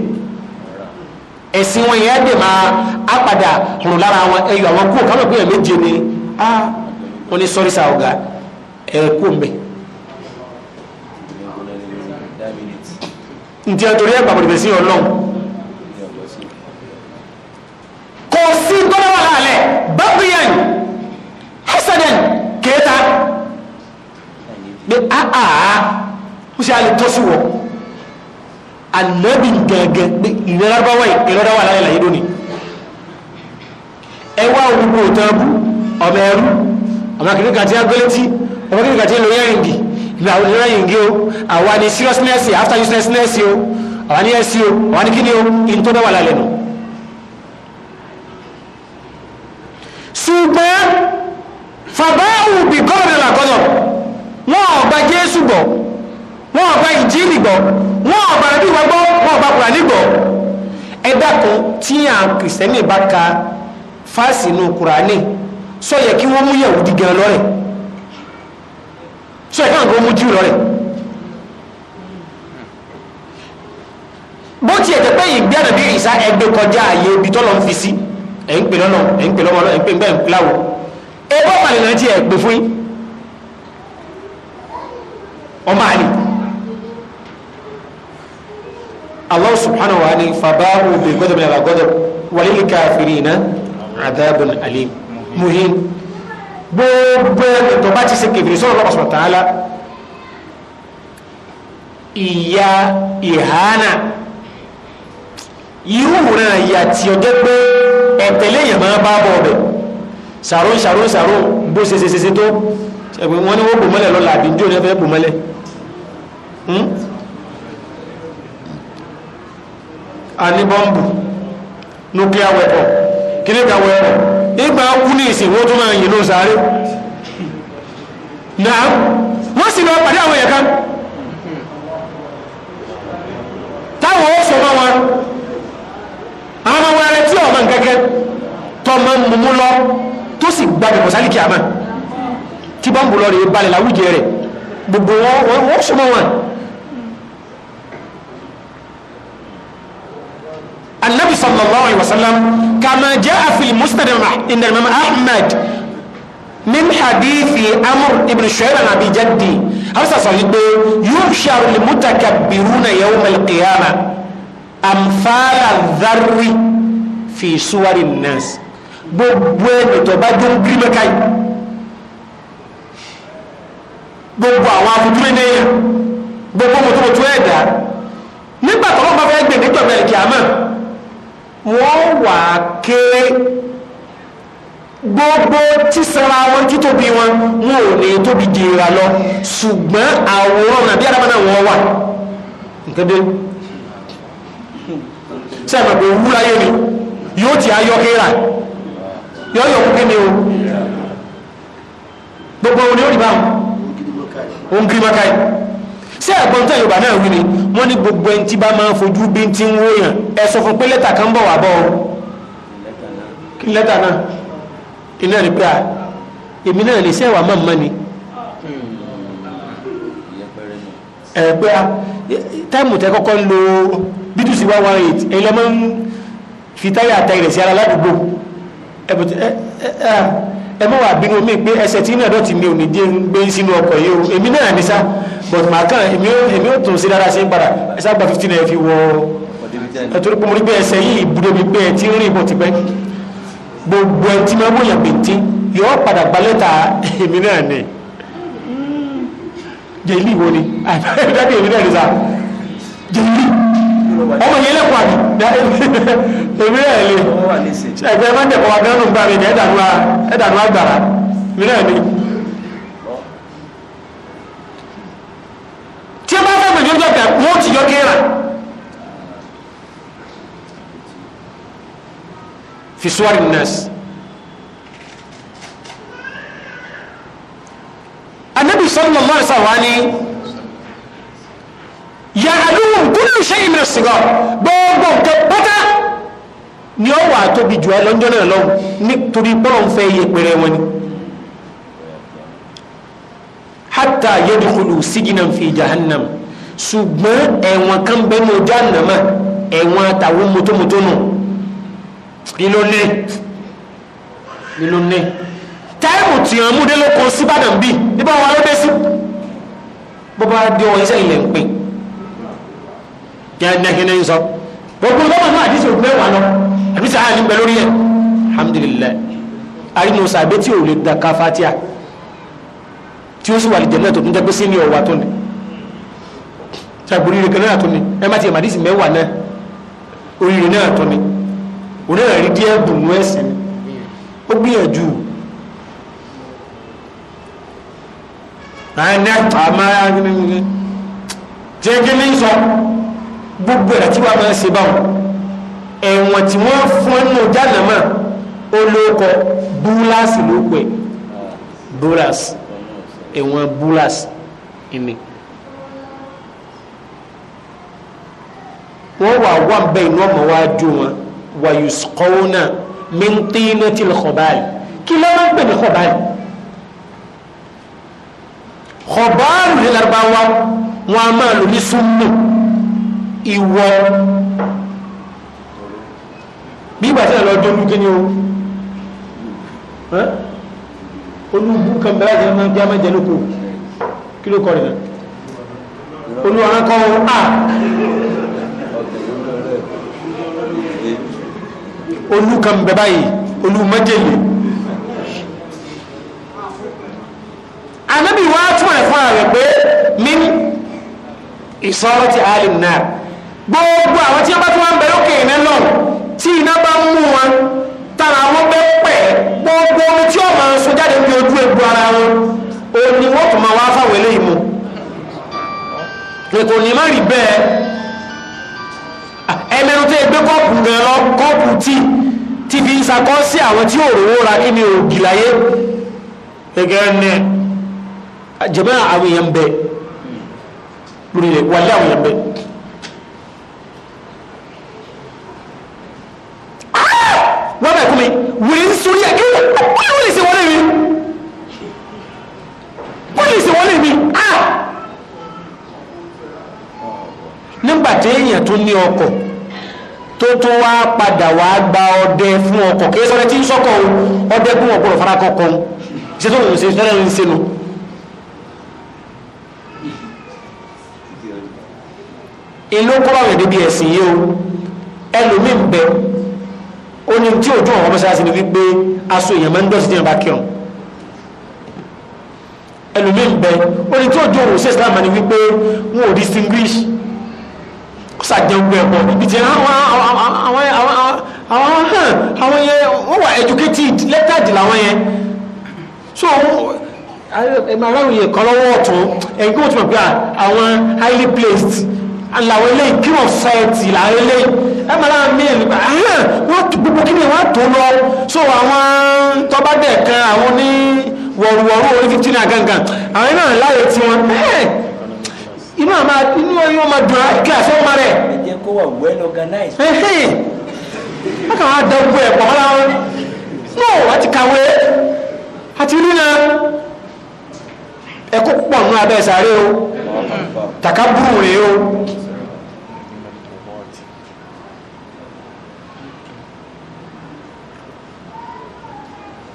ẹ̀sìn wọn yẹn á dè máa á padà rùn lára wọn ẹyọ àwọn kú káwọn pé ẹ méje ni ah wọn ní sọrí sa ọgá ẹ kú mbẹ. ntí a torí ẹ gbàgbọ́dọ̀ bẹ̀ sí ó sì alẹ́ tọ́sí wọ anabi gẹ́gẹ́ pé ìrẹ́lábáwá ìrẹ́lábáwá aláyẹ̀ láyé lónìí ẹ wá gbogbo òtán bú ọmọ ẹrú ọmọ kìnnìkan kàtí agbélétí ọmọ kìnnìkan kàtí lóyè ẹ̀yìngì ìgbà àwọn olóyè ẹ̀yìngì o àwa ni seriousness after uselessness o àwa ni ẹ̀sì o àwa ni kíni o ìntọ́dọ̀ wà lálẹ́ nù. ṣùgbọ́n fàbáwù bí gọ́ọ̀nù làkọ́dọ̀ wọn ò Jésù gbọ́ wọn ọba ìjíìlì gbọ́ wọn ọba ẹbí wa gbọ́ wọn ọba kùránì gbọ́ ẹ̀dá kan tí àwọn kìrìsìtẹ́nì bá ka fáàsì inú kùránì sọ yẹ kí wọ́n mú yẹ̀wùdí gan lọ́rẹ̀ sọ yẹ káwọn kan mú jíù lọ́rẹ̀ bó tiẹ̀ tẹ́ pé ìgbé ànàbí ìsá ẹgbẹ́ kọjá ààyè ibi tọ́lọ́ ń fi sí ẹ̀ ń pè lọ́nà ẹ̀ ń pè lọ́mọ ẹ̀ ń pè ń gbẹ́ ẹ bọ́ pàlẹ́ náà tiẹ̀ pè fún yín ọmọ àlè Allah subhanahu wa ni fabaru bi ghadabin ala ghadab walil kafirina adhabun alim muhin gbogbo ẹ̀tọ́ bá ti ṣe kèfèrè sọ́rọ̀ lọ́pàá sọ̀tà ala ìyá ìhánà irú náà ìyá tí ó jẹ́ pé ẹ̀tẹ̀lé èèyàn máa bá bọ̀ ọ̀bẹ̀ sàrò sàrò sàrò bó ṣe ṣe ṣe tó wọ́n ní wọ́n bò mọ́lẹ̀ lọ́la àbí ní òní ẹ̀fẹ́ mọ́lẹ̀ hmm? àní bọ́ǹbù nuclear weapon kíní ka weapon ìgbà kú ní ìsìn wọ́n tún máa yìn ló sáré náà wọ́n sì lọ pàdé àwọn èèyàn kan táwọn ó sọ mọ́ wọn àwọn ọmọ wẹrẹ tí ọmọ nkẹkẹ tọ́ mọ́ mímú lọ tó sì gbàgbé mọ̀sálì kìámà tí bọ́ǹbù lọ rèé balẹ̀ láwùjẹ rẹ̀ gbogbo wọn wọ́n sọ wọn. sallallahu alaihi wasallam kama jaa fil musnad inda imam ahmad min hadithi amr ibn shu'aib an abi jaddi hausa sọ yìí pé yushar lil mutakabbiruna yawm al qiyamah amfala dharri fi suwari nas gbogbo ẹni tó bá dún gírímẹ́ka yìí gbogbo àwọn afojúlé ní èèyàn gbogbo mọ̀tòmọ̀tò ẹ̀dá nígbà tọ́lọ́ bá fẹ́ gbèdéjọba ẹ̀kẹ́ wọ́n wà ké gbogbo tísara wọn títóbi wọn wọn ò ní tóbi jìra lọ ṣùgbọ́n àwòrán nàbí àdàmà náà wọ́n wà nǹkan dé sẹ́ẹ̀mọ̀ pé wúláyé ni yóò ti ayọ́ kéra yóò yọ̀ kúkẹ́ ni o gbogbo oní òrìbá òun kiri mọ́káyì sí ẹ̀gbọ́n tó yorùbá náà wí ni wọ́n ní gbogbo ẹni tí bá máa fojú bí ti ń wóyàn ẹ sọ fún pé lẹ́tà kan bọ̀ wá bọ̀ ọ́ kí lẹ́tà náà iná rí pé à èmi náà lè sẹ́wà máa mọ́ ni ẹ pé à táìmù tẹ kọ́kọ́ ń lo btc one one eight ẹ̀yin lọ́mọ ń fi táyà àtẹ̀yẹ̀rẹ̀ sí ara ládùúgbò ẹ̀ bùtẹ́ ẹ̀ ẹ̀ ẹ̀ ẹ mọ́ wà bínú mi pé ẹsẹ̀ tí náà dọ̀tí mi ò ní dé ń gbé sínú ọkọ̀ yìí o èmi náà ní sá but màá kàn èmi ó èmi ó tún sí dára sí padà ẹ sá gba fifteen ẹ fi wọ ẹ torí mo rí pé ẹsẹ̀ yìí ibùdó mi pé ẹ ti rìn bọ̀ tipẹ́ gbogbo ẹ ti máa wọ̀nyàn pèntí yọ padà gba lẹ́tà èmi náà ní jẹ́ ilé ìwọ ni àbẹ́rẹ́ (laughs) dábìí èmi náà ní sá jẹ́ ilé ọmọ yẹn lẹ́kọ̀ọ́ àbí (laughs) èmi náà lè ẹgbẹ́ má jẹ̀kọ́ wa gánà gbà mí ní ẹ̀dànú àgbàrá mi náà ni. tí a bá fẹ́ bẹ̀rẹ̀ yóò jẹ́ wọ́n ti yọ kéèrà. fi suwari nurse. anabi sallallahu alaihi wasallam ni ya'alu kúlù ṣe ìmìnà sìgọ́ gbogbo nǹkan pátá ni ó wà tóbi jù ẹ lọ́njọ́ náà lọ́wọ́ nítorí pọ́lọ̀ ń fẹ́ iye pẹ̀rẹ̀ wọn ni hátà yẹ́dùkúlù sígínà fi jahannam ṣùgbọ́n ẹ̀wọ̀n kan bẹ́ẹ̀ ní ojú ànàmà ẹ̀wọ̀n àtàwọn mọ́tòmọ́tò nù nínú ní táìmù tí wọ́n mú dé síbàdàn bíi nígbà wọn ló dé sí bó bá dé ń pè kíndínkíndín ń sọ gbogbo tó wà náà àdìsí òkú mẹ́wàá lọ àbí sàá ní pẹ̀lú rí ẹ̀ alhamdulilayi arínú sàbẹ́ tí ò lè da ká fatia tí ó sì wà lìjẹ̀ náà tó ń jẹ́ pé sí ní ọ̀wà tó ní sàgbórí rẹ̀ kan náà tó ní ẹ má ti ẹ̀ màdìsí mẹ́wàá náà oríire náà tó ní onírin àrí díẹ̀ bùnú ẹ̀sìn ó gbìyànjú àmọ́ jẹ́ kí ní sọ gbogbo ẹ̀rọ tí wàá máa ṣe báwọn ẹ̀wọ̀n tí wọ́n fún nù jánàmà olóko búláàsì ló pẹ̀ búláàsì ẹ̀wọ̀n búláàsì ẹ̀mí. wọ́n wà wà bẹ́ẹ̀ inú ọmọ wa dùn wọn wàyùsùkọ́wọ́nà mẹ́ntínẹ́tì lọ́kọ̀báyì kí ló máa ń pè ní kọ̀báyì kọ̀báyì ní Lárúbáwá wọn a máa lò ní súnmù ìwọ bí ìgbà tí ẹ̀ lọ dọ́nu kí ni o olùbù kan bẹ́ẹ̀ jẹ́ máa ń bí amájẹ lóko kí ló kọ́ rẹ̀ olùwàrán kọ́ ọ́ à olùkan bẹ́ẹ̀ báyìí olùmọ́jẹ̀lẹ̀ anábì wá fún ẹ̀fọ́ rẹ̀ pé mímí ìsọ́rọ̀ ti àálìm gbogbo àwọn tí wọ́n bá tún wá ń bẹ lókè iná náà tí iná bá ń mú wọn tara wọn bẹ pẹ̀ gbogbo omi tí wọ́n máa ń sun jáde ní ojú egbò ara wọn òun ni wọ́n tún máa wá fáwọn eléyìí mu èkó ní má rí bẹ́ẹ̀ ẹmẹ́rin tó gbé kọ́ọ̀pù gan lọ kọ́ọ̀pù tí ti fi ń sakọ́ sí àwọn tí ò rówó ra kí ni ògì láyé gẹ́gẹ́ ní jẹ́mẹ́ àwọn èèyàn bẹ́ẹ̀ lórí rẹ̀ wàlẹ́ àwọn èèyàn bẹ́ẹ̀. nígbà téèyàn tó ní ọkọ̀ tó tó wá padà wá gba ọdẹ fún ọkọ̀ kí ẹsọ̀rẹ́ tí ń sọ́kọ̀ o ọdẹ fún ọkọ̀ fara kọ̀ọ̀kan ṣe tó ń ṣe fẹ́rẹ̀ ń ṣe nu. ìlú kúrò àwọn ìdíbi ẹ̀sìn yìí o ẹlòmíì ń bẹ ó ní tí òjò àwọn mọ́ṣáláṣí ni wípé aṣọ èèyàn máa ń dọ̀tí nígbà kírun ẹlòmíì ń bẹ ó ní tí òjò òun ṣe ìsìlámù ni wípé wọn ò distinguish sàjẹun bẹ́ẹ̀ bọ̀ ibi tí àwọn àwọn hàn àwọn yẹn wọ́n wà educated lettered làwọn yẹn so aráàlú yẹn kọ́ lọ́wọ́ ọ̀tún ẹ̀yìn kí wọ́n ti mọ̀ pé àwọn highly placed làwọn eléyìí kí wọ́n fẹ́ẹ̀tì làwọn eléyìí ẹ máa láwọn míì nípa hàn gbogbo kí ni wọ́n tó lọ so àwọn tọ́ba dẹ̀ kan àwọn ní wọ̀rùwọ̀rù orí fifteen àgàngàn àwọn náà láyé tiwọn ẹ̀ẹ́ inú àmà inú yóò máa dùn àti àṣẹ ọmọ rẹ. ẹ kó wà well organized. a kàn wá dẹ́gbẹ́ ẹ̀ pọ̀mọ́lá wọn náà a ti kàwé a ti rí náà ẹ̀kọ́ pọ̀ nù abẹ́ sàárè o takaburu rè o.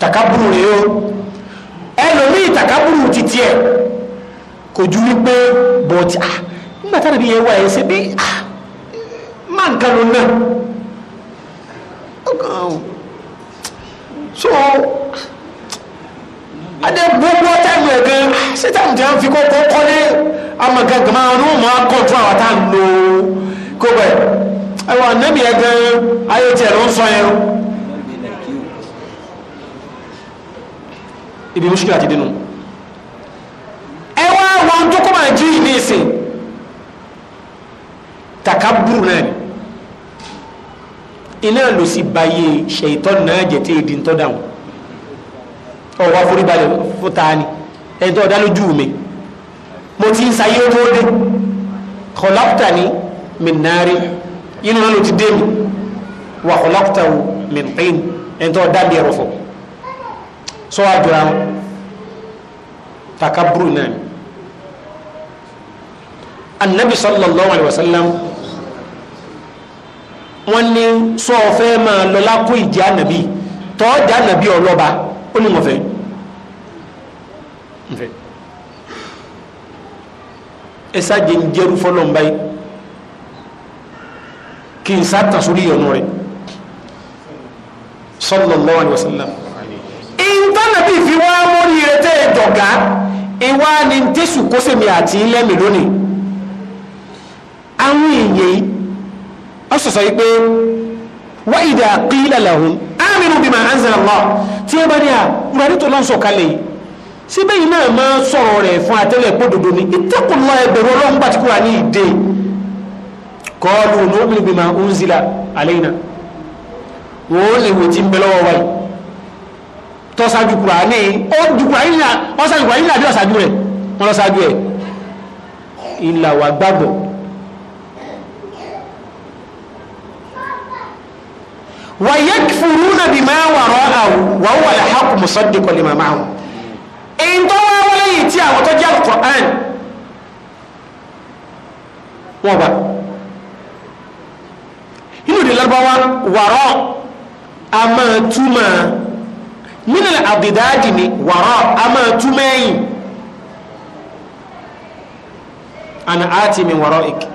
takaburu rè o ẹlòmíì takaburu ti kò ju wípé bọ̀tí ah nígbà táwọn ibi yẹn wà ẹ̀ ṣe bí ah má nǹkan ló náà ah, so ah, adé gbogbo táìmù ẹ̀ gan ah, ṣé táìmù tí wọ́n fi kókó kọ́lé amagangan máa ní wọ́n máa kọ́ńtún àwọn táà ń lò ó kó bẹ́ẹ̀ ẹ wà nẹ́bí ẹ̀ gan ayé tiẹ̀ ló ń sọ yẹn o. ibi mùsùlùmí àti dínú ẹ wá wọn tó kọ́ máa jí ní ìsìn takaburu náà ni iná ló sì báyé ṣèyítọ́ náà jẹ́ tí èdè ń tọ́ dáhùn ọwọ́ àforíbalẹ̀ fún ta ni ẹ̀dọ́ ọ̀dá lójú mi mo ti ń sayé ó tó dé kọlọ́pùtà ni mìnnárí inú náà ló ti dé mi wà kọlọ́pùtà wò mìntín ẹ̀dọ́ ọ̀dá bí ẹ̀rọ̀fọ̀ sọ́wọ́ àjọra wọn takaburu náà ni anabi sallallahu alayhi wa sallam wọ́n ní sọ́ọ̀fẹ́ máa lọ lákó ìjà nàbí tọ́jà nàbí ọlọ́ba ó ní mọ̀fẹ́ nfẹ́ ẹ sáàjẹ ń jẹ́rú fọ́lọ́ mbáyé kí n sá tàṣúrí ìyọnu rẹ̀ sallallahu alayhi wa sallam fi wá mórí rẹ̀ tẹ́ ẹ̀dọ̀gá ìwá ni tẹ́sù kó sèmi àti ilẹ̀ mi lónìí àwọn èèyàn yìí ọ sọ̀sọ̀ yìí pé wá ìdá qila lahum aminu bima anzala Allah tí ẹ bá ní à kùránì tó lọ́n sọ̀kalẹ̀ yìí síbẹ̀ yìí náà máa sọ̀rọ̀ rẹ̀ fún àtẹ́lẹ̀ pódodo ni ittaqullah ẹgbẹ̀rún ọlọ́run bá ti kúrò ní ìdè qalu nu'minu bima unzila alayna wọ́n lè wò ń bẹ lọ́wọ́ wáyé wọ́n lọ́sájú ẹ̀ wàyẹ́kìfúrúnà bí máa wà rọ́ àwọ̀ wọ́n wà láhàkù mùsọ́dìkọ̀ lè màmá àwọn èyí tó wá wọlé yìí tí àwọn tó jẹ́ alukur'an wọ́n bá inú ìdí lárúbáwá wàrọ́ a máa túmọ̀ nínú ni wàrọ́ a máa túmọ̀ àti mi wàrọ́ ìkì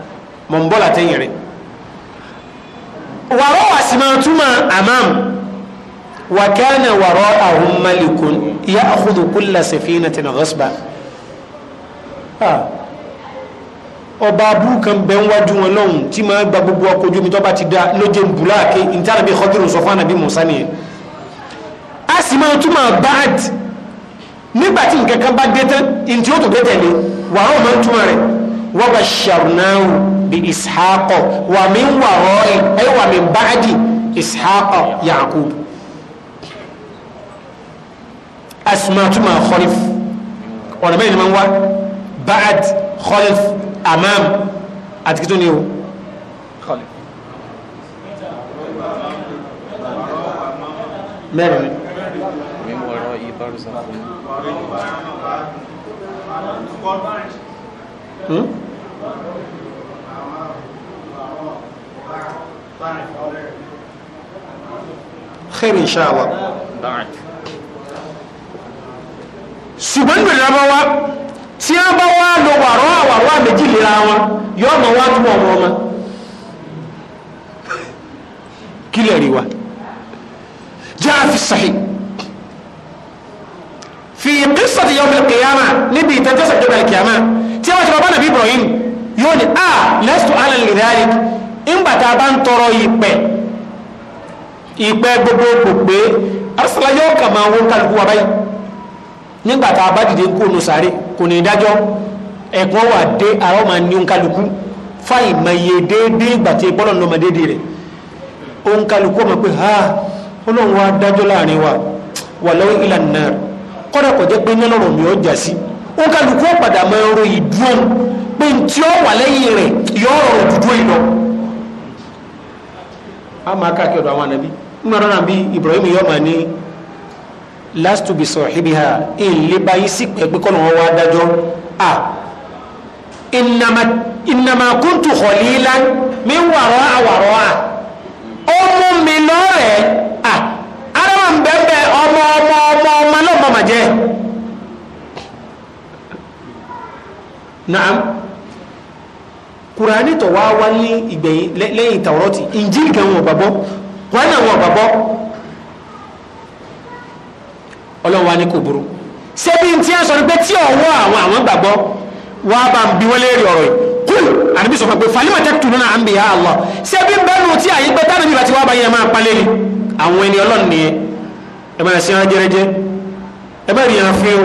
mọ̀ ń bọ́ látẹ̀yìn rẹ̀ wàrọ́ wà sí máa túmọ̀ amam wà kẹ́ẹ̀nà wàrọ́ àwọn malikun ya àkúdù kúlà sẹ̀fínà tẹ̀nà gọ́sbà ọba abúrú kan bẹ́ ń wájú wọn lọ́hùn tí máa gba gbogbo ọkọ̀ ojú omi tó bá ti da lóje ń ìtara bí Khadiru sọ fún ànàbí Musa nìyẹn a sì máa túmọ̀ bad nígbà tí nǹkan kan bá dé tán ìntì ó tó dé tẹ̀lé wàá wọn máa túmọ̀ rẹ̀ wọ́n bá ṣàrùnáwó bi ishaq wa min wara'i ay wa min ba'di ishaq yaqub asmatu ma khalif ọ̀nà mẹ́rin ni wọ́n wá ba'd khalif amam àti kí tó ní o mẹ́rin Hmm? خير ان شاء الله ṣùgbọ́n nígbà ìrìnàmọ́ wa tí a bá wá lọ wàrọ́ àwàrọ́ àmẹ́jì lera wọn yóò mọ̀ wá túbọ̀ wọn ọmọ kí lè rí wa jaa fi sahih fi qissati yawm al níbi ìtẹ́tẹ́sẹ̀ ìjọba ìkìyàmá tí a wá ṣe bàbá nàbí Ibrahim yóò ní ah, a lẹ́sùn alẹ́lẹ́ rẹ̀ ńgbàtà bá ń tọrọ ìpẹ́ ìpẹ́ gbogbogbò pé asala yóò kà máa wọ́n kálukú wa báyìí nígbàtà bá dìde kó nu sáré kò ní dájọ́ ẹ̀gbọ́n wà dé àwọn máa ní kálukú fáì mẹ́yẹ déédéé ìgbàtà ìbọ́lọ̀ ní ọmọdéédéé rẹ̀ òun kálukú ọmọ pé ha ah, ọlọ́run wa dájọ́ láàrin wa wà lọ́wọ́ ìlànà kọ́dà kọjá pé nílọ́rọ̀ mi ọjà sí òun kálukú ọ̀padà máa ń ro ìdúró pé tí ó wà lẹ́yìn rẹ̀ yọ ọ̀rọ̀ òdúdó ìlọ a máa káàkiri Ibrahim máa ní last to be ha pé kọ́nà wọn wá kuntu ó mú mi a ara ọmọ ọmọ ọmọ ọmọ naam kùránì tó wá wá ní ìgbẹ̀yìn lẹ́yìn tàwọ́rọ́tì ìnjílì kan wọn gbàgbọ́ kùránì àwọn gbàgbọ́ ọlọ́run wa ní kò burú ṣebí tí a sọ ní pé tí ọwọ́ àwọn àwọn gbàgbọ́ wá bá ń bi wọ́n léèrè ọ̀rọ̀ yìí kúl àníbi sọ pé falima taqtuluna anbiya Allah ṣebí ń bẹ́nu tí àyè pé tánàbí bá ti wá báyìí ẹ máa palẹ̀ ni àwọn ẹni ọlọ́run nìyẹn ẹ máa ṣe ẹran jẹrẹjẹ ẹ bá rí ẹran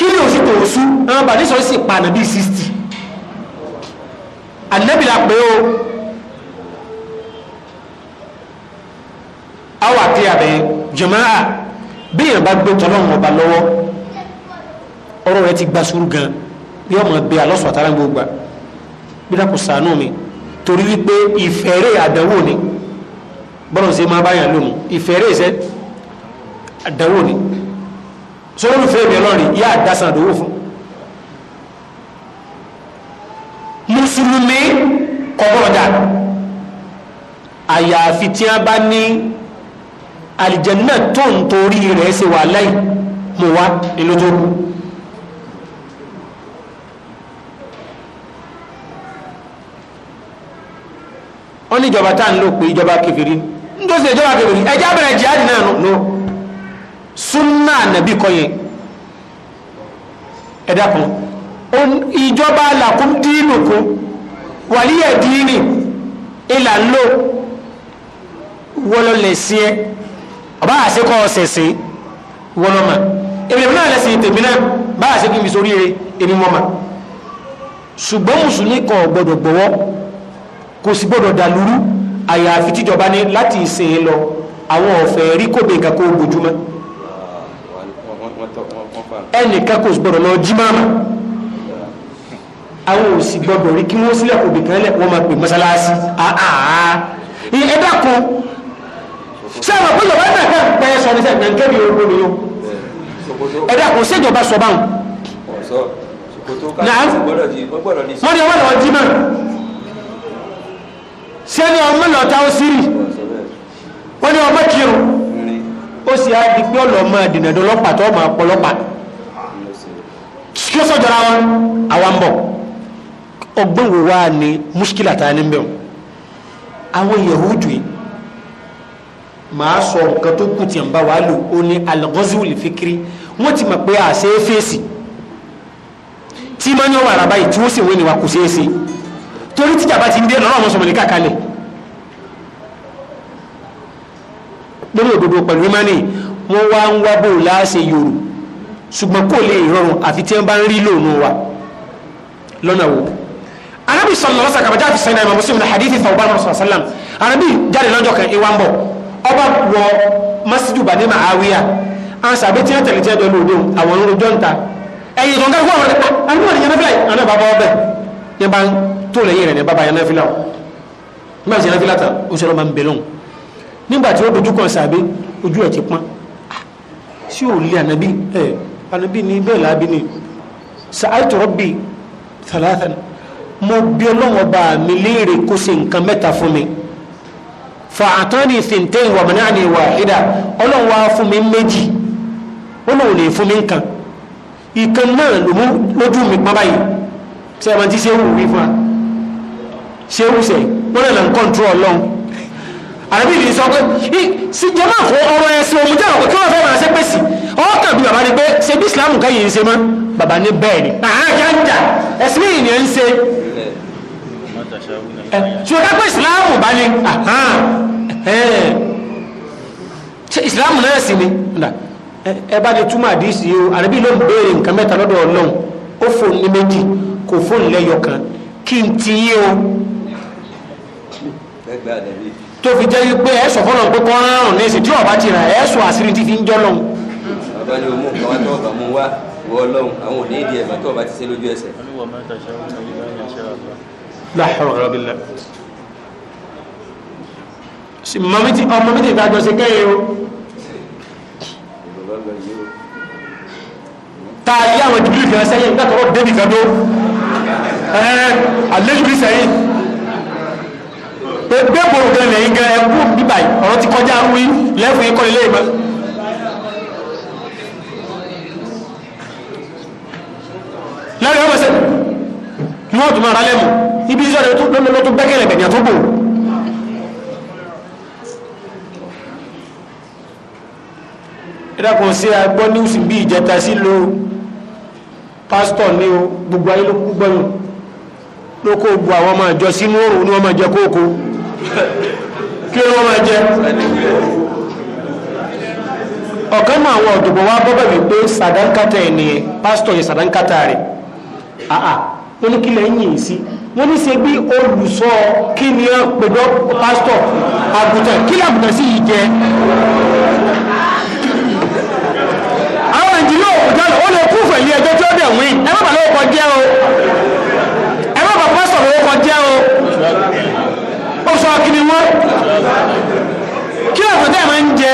kí ni òsì tó sú àwọn bàdí sọ sí pa nàbí sixty ànábì la pé o àwọn a àbẹ jàmáà bí èèyàn bá gbé tọ́lọ́run ọba lọ́wọ́ ọ̀rọ̀ rẹ ti gba sùúrù gan ní ọmọ ẹgbẹ alọsọ àtàrà gbogbo bí dàkú sànú mi torí wípé ìfẹ́rẹ́ àdánwò ni bọ́lá ń ṣe máa báyà lónìí ìfẹ́rẹ́ ìṣe àdánwò ni sọ́rọ́ fẹ́ mi ọlọ́rin yá àdásán àdówó fún mùsùlùmí kọ̀bọ̀dà àyàfi tí a bá ní àlìjẹ̀nà tó ń torí rẹ̀ ṣe wà láì mú wá nínú tó kú wọ́n ní ìjọba tá ń lò pé ìjọba kèfèrí ní tó ìjọba ẹjá Sunna nàbí kọ yẹn ẹ̀dá kan ìjọba làkún dínú kún wàlíyà dínì ìlà ńlò wọlọlẹ̀ sí ẹ ọba àṣekọ ọ̀sẹ̀sẹ̀ wọlọ́mà èmi náà lẹ́sìn tèmi náà bá àṣekọ ìbí sórí eré èmi mọ́mà ṣùgbọ́n mùsùlùmí kan gbọ́dọ̀ gbọ́wọ́ kò sì gbọ́dọ̀ dàlúrú àyàfi tíjọba àwọn ọ̀fẹ́ rí kòbè kó gbójúmọ́ ẹnìkan kò gbọdọ̀ lọ jí máàmà àwọn òsì gbọdọ̀ rí kí wọ́n sílẹ̀ kò bì kan lẹ̀ wọ́n máa pè mọ́sálásí àhàhà ẹ dákun sábà kó yorùbá náà kàn pẹ́ sọ ní sẹ́gbẹ̀ẹ́ nkẹ́bi ogun ni o ẹ dákun ṣèjọba sọ báwọn. náà wọ́n ní ọwọ́ lọ jí máa sẹ́ni ọmọ lọ́ta ó sírì wọ́n ní ọmọ kírun ó sì á di pé ọ̀lọ́ máa dènà dán lọ́pàá tó máa pọ̀ lọ́pàá kí ó sọ̀jọ́ra wọn àwa ń bọ̀ ọgbọ́n wo wá ni muskila ta ni bẹ́ẹ̀ àwọn yahudu yìí màá sọ nǹkan tó kù tiẹ̀ ń bá wa lò ó ní alghazul fikiri wọ́n ti mọ̀ pé àṣẹ fèsì tí ma ní ọwọ́ àràbáyé tí wọ́n sì wé ni wa kò ṣeé ṣe torí tíjà bá ti ń dé lọ́rọ̀ ọmọ sọmọ ní lórí òdodo pẹ̀lú ìmánì wọ́n wá ń wá bò láàṣẹ yòrò ṣùgbọ́n kò lè rọrùn àfi tí wọ́n bá ń rí lónú wa lọ́nà wo anabi sọlọ lọsàn kàbàjá hadithi Thawban mọsàn sàlám anabi jáde lọ́jọ́ kan ìwà ń bọ̀ ọba wọ masiju bani Muawiya àwọn sàbẹ tí wọ́n tẹ́lẹ̀ tí wọ́n jọ lóde àwọn ọrùn jọǹta ẹ̀yìn tó ń kẹ́kọ̀ọ́ àwọn ọ̀rẹ́ àwọn ọ̀rẹ́ yẹn náà fílà àwọn bàbá ọbẹ̀ yẹn nígbà tí ó dojú kan sàbí ojú ẹ̀ ti pọ́n sí ò lè ànábì ẹ̀ ànábì ní bẹ́ẹ̀ láàbí ni sa'altu rabbi thalathan mo bí ọlọ́wọ́ bá mi léèrè kó ṣe nǹkan mẹ́ta fún mi fa'atani thintain wa mana'ani wahida ọlọ́wọ́ á fún mi méjì ọlọ́wọ́ lè fún mi nǹkan ìkan náà lójú mi pọ́n báyìí sẹ́wọ̀n tí sẹ́wù wí fún wa sẹ́wù sẹ́ wọ́n lè nà ń kọ́ńtró ọlọ́run àrẹ́bí ìlú sọ pé sí jẹ́mọ́ fún ọ̀rọ̀ ẹ̀sìn òun jẹ́ ọ̀pọ̀ kí wọ́n fẹ́ máa ṣe pèsè ọkàn bí bàbá ni pé ṣe bí Islam kan yìí ń ṣe mọ́ bàbá ní bẹ́ẹ̀ ni àájá ń jà ẹ̀sìn yìí ni ẹ̀ ń ṣe ṣùgbọ́n pé Islam bá ní ṣe Islam náà sì ni ẹ bá ní túmọ̀ àdìsí o àrẹ́bí ló ń béèrè nǹkan mẹ́ta lọ́dọ̀ Ọlọ́run ó fóun ní méjì kò fóun lẹ́yọ kan kí n ti yé o tó fi jẹ́ pé ẹ̀sọ̀ fọ́nà pé kọ́ rárùn ní ìsìn tí ọba ti rà ẹ̀sọ̀ àṣírí ti fi ń jọ́ lọ́hùn. bàbá ni òun kàwá tó ọba mú wá wọ ọlọ́run àwọn òní ìdí ẹ̀fà tó ọba ti ṣe lójú ẹsẹ̀. ọmọ mi ti gbàgbọ́ sí kẹ́yìn o. ta ilé àwọn jìbìlì fi sẹ́yìn nígbà tó wọ́n débi kan tó. ẹ̀ẹ́d àlejò sẹ́yìn pé gbòǹgbò lẹ́yìn gan ẹkú bíbà ọ̀rọ̀ ti kọjá wí lẹ́fún yín kọ́ ilé ìmọ̀. lẹ́rìí ọmọ sẹ́ ni wọ́n tún máa ra lẹ́mù ibi iṣẹ́ rẹ̀ lọ́lọ́ tó gbẹ́kẹ̀lẹ̀ gbẹ̀yà tó gbò. ẹ̀dá kan sí agbọ́ níwùsì bí ìjẹta sí lo pásítọ̀ ní o gbogbo ayé ló kú gbọ́yìn ló kó gbogbo àwọn ọmọ ìjọ sínú òòrùn ní wọ́n máa jẹ kókó kí ló máa jẹ ọ̀kan mọ àwọn ọ̀dùnkún wa bọ́ bẹ̀rẹ̀ pé sàdánkátà ènìyàn pásítọ̀ yẹ sàdánkátà rẹ̀ àà wọ́n ní kí lẹ́ ń sí wọ́n ní ṣe bí olùsọ kí ni ẹ pẹ̀lú pásítọ̀ àgùntàn kí làgùntàn sì yìí jẹ àwọn nàìjíríà òkúta ó lè kú pẹ̀lú ẹjọ́ tí ó dẹ̀ wín ẹ má bàa lọ́wọ́ kọjá o ẹ má bàa pásítọ̀ lọ́wọ́ kọjá o sọ akíní wọn kí ló sọtẹ́ máa ń jẹ.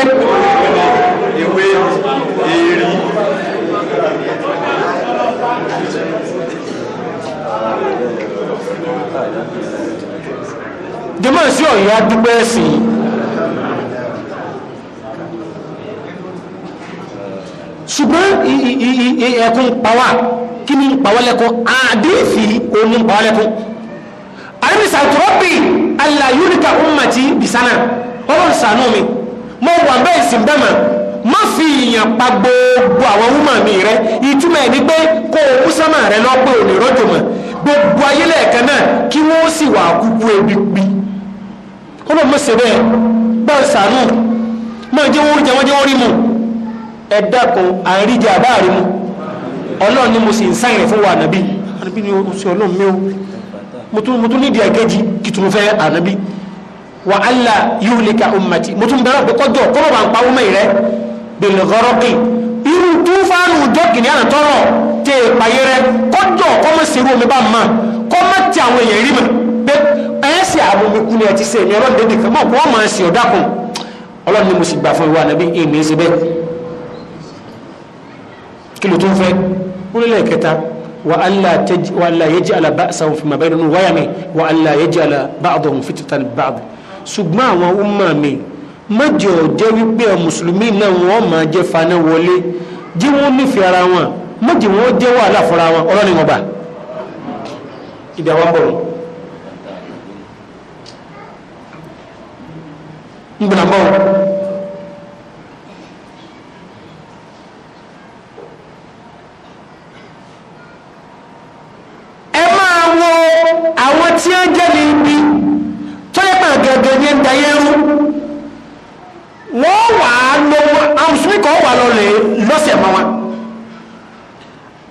ewé èrí. jẹ́mọ̀ sí ọ̀yọ́ adúgbò ẹ̀sìn yìí. ṣùgbọ́n ẹ̀kún pàwà kí ni pàwọ́lẹ́kún àdéhìí òun pàwọ́lẹ́kún anabi sàtúrọ́bì alayúlíkà ummati bisana ọlọ́run sànú mi mo wà bẹ́ẹ̀ sì bẹ́ẹ̀ mà má fi ìyàn pa gbogbo àwọn ọmọ mi rẹ ìtumọ̀ ẹ̀ ni pé kó o kú sánmà rẹ lọ pé òní rọ́jò mọ̀ gbogbo ayé lẹ́ẹ̀kan náà kí wọ́n sì wà kúkú ebi pi ọlọ́run mọ̀ sí bẹ́ẹ̀ bẹ́ẹ̀ sànú jẹ́ wọ́n jẹ́ wọ́n jẹ́ wọ́n rí mu ẹ̀dá kan àríjẹ àbáàrí mu ọlọ́run ni mo sì ń sáyẹn fún wa nàbí àbí ni o sì ọlọ́run mi o mutum ní díẹ̀ kejì kìtùn fẹ́ ànábí wa allah yuhlika ummati mutum bẹ̀rẹ̀ pé kọjọ kọ́rọ̀ bá ń pa ọmọ rẹ̀ bil gharaqi irú túfánù jọ́kì ní àtọ́rọ̀ tẹ ìpàyẹ rẹ̀ kọjọ kọ́mọ serú omi bá mọ̀ kọ́mọ ti àwọn èèyàn rí mọ̀ pé ẹ̀yẹ́ sì àwọn omi kú ni ẹ̀ ti sè ní ọlọ́run dédé fẹ́ mọ̀ kó ni mo sì gbà fún ìwà ànábí èmi ẹ̀ kí ló tó ń وألا تج وألا يجعل بأسهم فيما بينهم ويمي وألا يجعل بعضهم فتنة بعض ṣùgbọ́n àwọn ọmọ mi mọ́jọ jẹ́ wípé mùsùlùmí náà wọ́n máa jẹ́ faná wọlé jí wọ́n nífẹ̀ẹ́ ara wọn mọ́jọ wọ́n jẹ́ wàhálà fúnra wọn ọlọ́ni wọn bá ibi àwọn bọ̀ ń gbọ́n ọjà yẹrú wọ́n wà á lọ àwùsùn ikọ̀ wà lọ rè lọ́sẹ̀ mọ́ wọn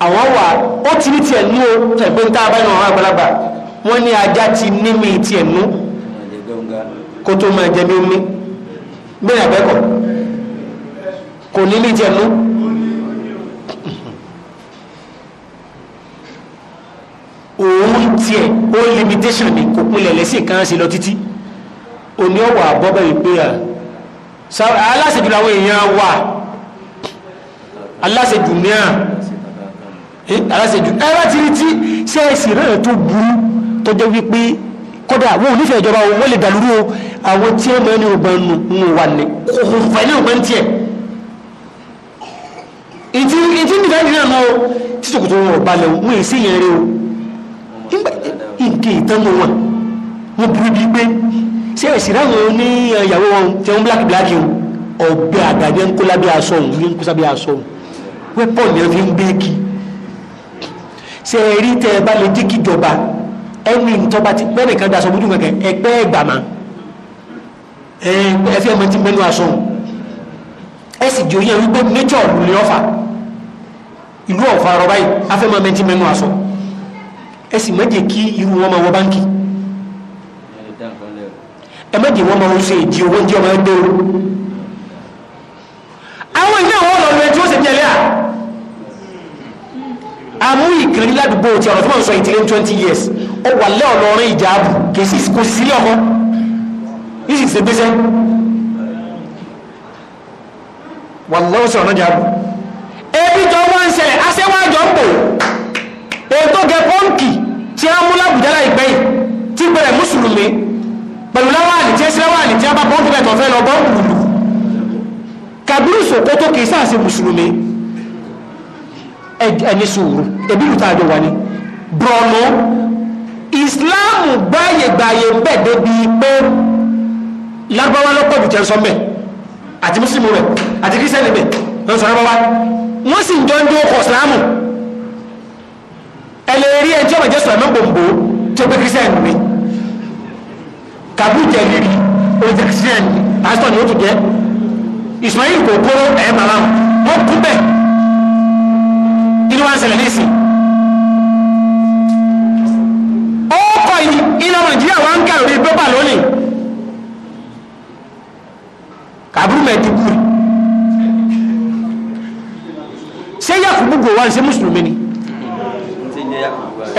àwọn wà ó ti ní tiẹ̀ nú o ẹ̀gbẹ́ ń tá a bá yẹn wọn àgbàlagbà wọ́n ní ajá ti ní mi tiẹ̀ nú kó tó máa jẹ mí mí bẹ́ẹ̀ àbẹ́kọ̀ kò ní ní tiẹ̀ nú. òun tiẹ̀ ó limitation ni kò pinlẹ̀ lẹ́sìn kan ṣe lọ títí òní ọ̀wà àbọ́bẹ̀ ìpé à aláṣẹ́jù làwọn èèyàn wà aláṣẹ́jù ní à aláṣẹ́jù ẹ̀rọ ti rí tí sẹ́ẹ̀sì rẹ̀ tó burú tó jẹ́ wípé kódà wọn ò nífẹ̀ẹ́ ìjọba wọn lè dàlúrú o àwọn tí ẹ mẹ́rin ò gbọ́n nù wà ní kò fà ní ògbọ́n tiẹ̀ ìtí ìtí nìkan ìrìn àná o tí sòkòtò wọn ò balẹ̀ wọn èsì yẹn rí o nǹkan ìtàn wọn wọn burú bíi pé ṣé èsìrá wọn ní ìyàwó wọn tí wọn black black o ọbẹ àdàbẹ ńkọlá bí aṣọ òun ní nkúsá bí aṣọ òun wẹ́pọ̀ ni ẹ fi ń bẹ́ẹ̀kì ṣe é rí tẹ ẹ bá lè díkì jọba ẹni ìjọba ti pẹ́ nìkan daṣọ bójú kankan ẹgbẹ́ ẹgbàmà ẹ fi ẹmọ ti mẹ́nu aṣọ òun ẹ sì jòyè wípé nature ọ̀rùn lè ọ̀fà ìlú ọ̀fà rọ báyìí afẹ́mọ́ mẹ́tí mẹ́nu aṣọ ẹ sì mẹ́jẹ̀ kí irú wọn máa wọ báńkì ẹ méjì wọ́n máa ń ṣe ìdí owó tí ọmọ ẹgbẹ́ o àwọn ilé ìwọ́n lọ lóye tí ó ṣe jẹ́ lẹ́à àmú ìkìrí ládùúgbò tí ọ̀rọ̀ tí wọ́n sọ ìtìlẹ̀ twenty years ó wà lẹ́ ọ̀lọ́rin ìjààbù kèsì kò sí ọmọ yìí sì ṣe gbéṣẹ́ wà lọ́wọ́ sí ọ̀nà ìjààbù ebi jọ wọ́n ń ṣẹlẹ̀ aṣẹ́wájọ́ ń bò ètò gẹ̀ pọ́ǹkì tí a mú lábùjá láìpẹ́ yìí tí gbẹ̀rẹ̀ mùsùlùmí pẹ̀lú láwàlì jẹ́ sí láwàlì jẹ́ bá bọ́ọ̀dù bẹ̀tọ̀ fẹ́ lọ bọ́ọ̀dù lù Kabiru Sokoto kì í sáàsì mùsùlùmí ẹni sùúrù ẹbí ìlú tààjọ wà ní Borno ìsìláàmù gbáyègbáyè ń bẹ̀ débi pé lárúbáwá lọ́pọ̀ jù tẹ́sán bẹ̀ àti mùsùlùmí rẹ̀ àti kírísẹ́nì bẹ̀ lọ́n sọ lárúbáwá wọ́n sì ń jọ ń dúró kọ̀ ìsìláàmù ẹlẹ́rìí ẹjọ́ ìjẹ́sùn ẹ̀mẹ́gbòǹgbò tí ó pé kírísẹ́nì mi kàbújẹ líri ojú christian pásítọ̀ ni ó tún jẹ́ Ismail kò kóró ẹ̀ màmá wọn kú bẹ́ẹ̀ inú wa ń ṣẹlẹ̀ ní ìsìn. ó kọ́ yìí iná Nàìjíríà wa ń kà lórí pépà lónìí kàbúrú mẹ́ẹ̀ẹ́dúgbù ṣé yàkùbù gò wá ṣe mùsùlùmí ni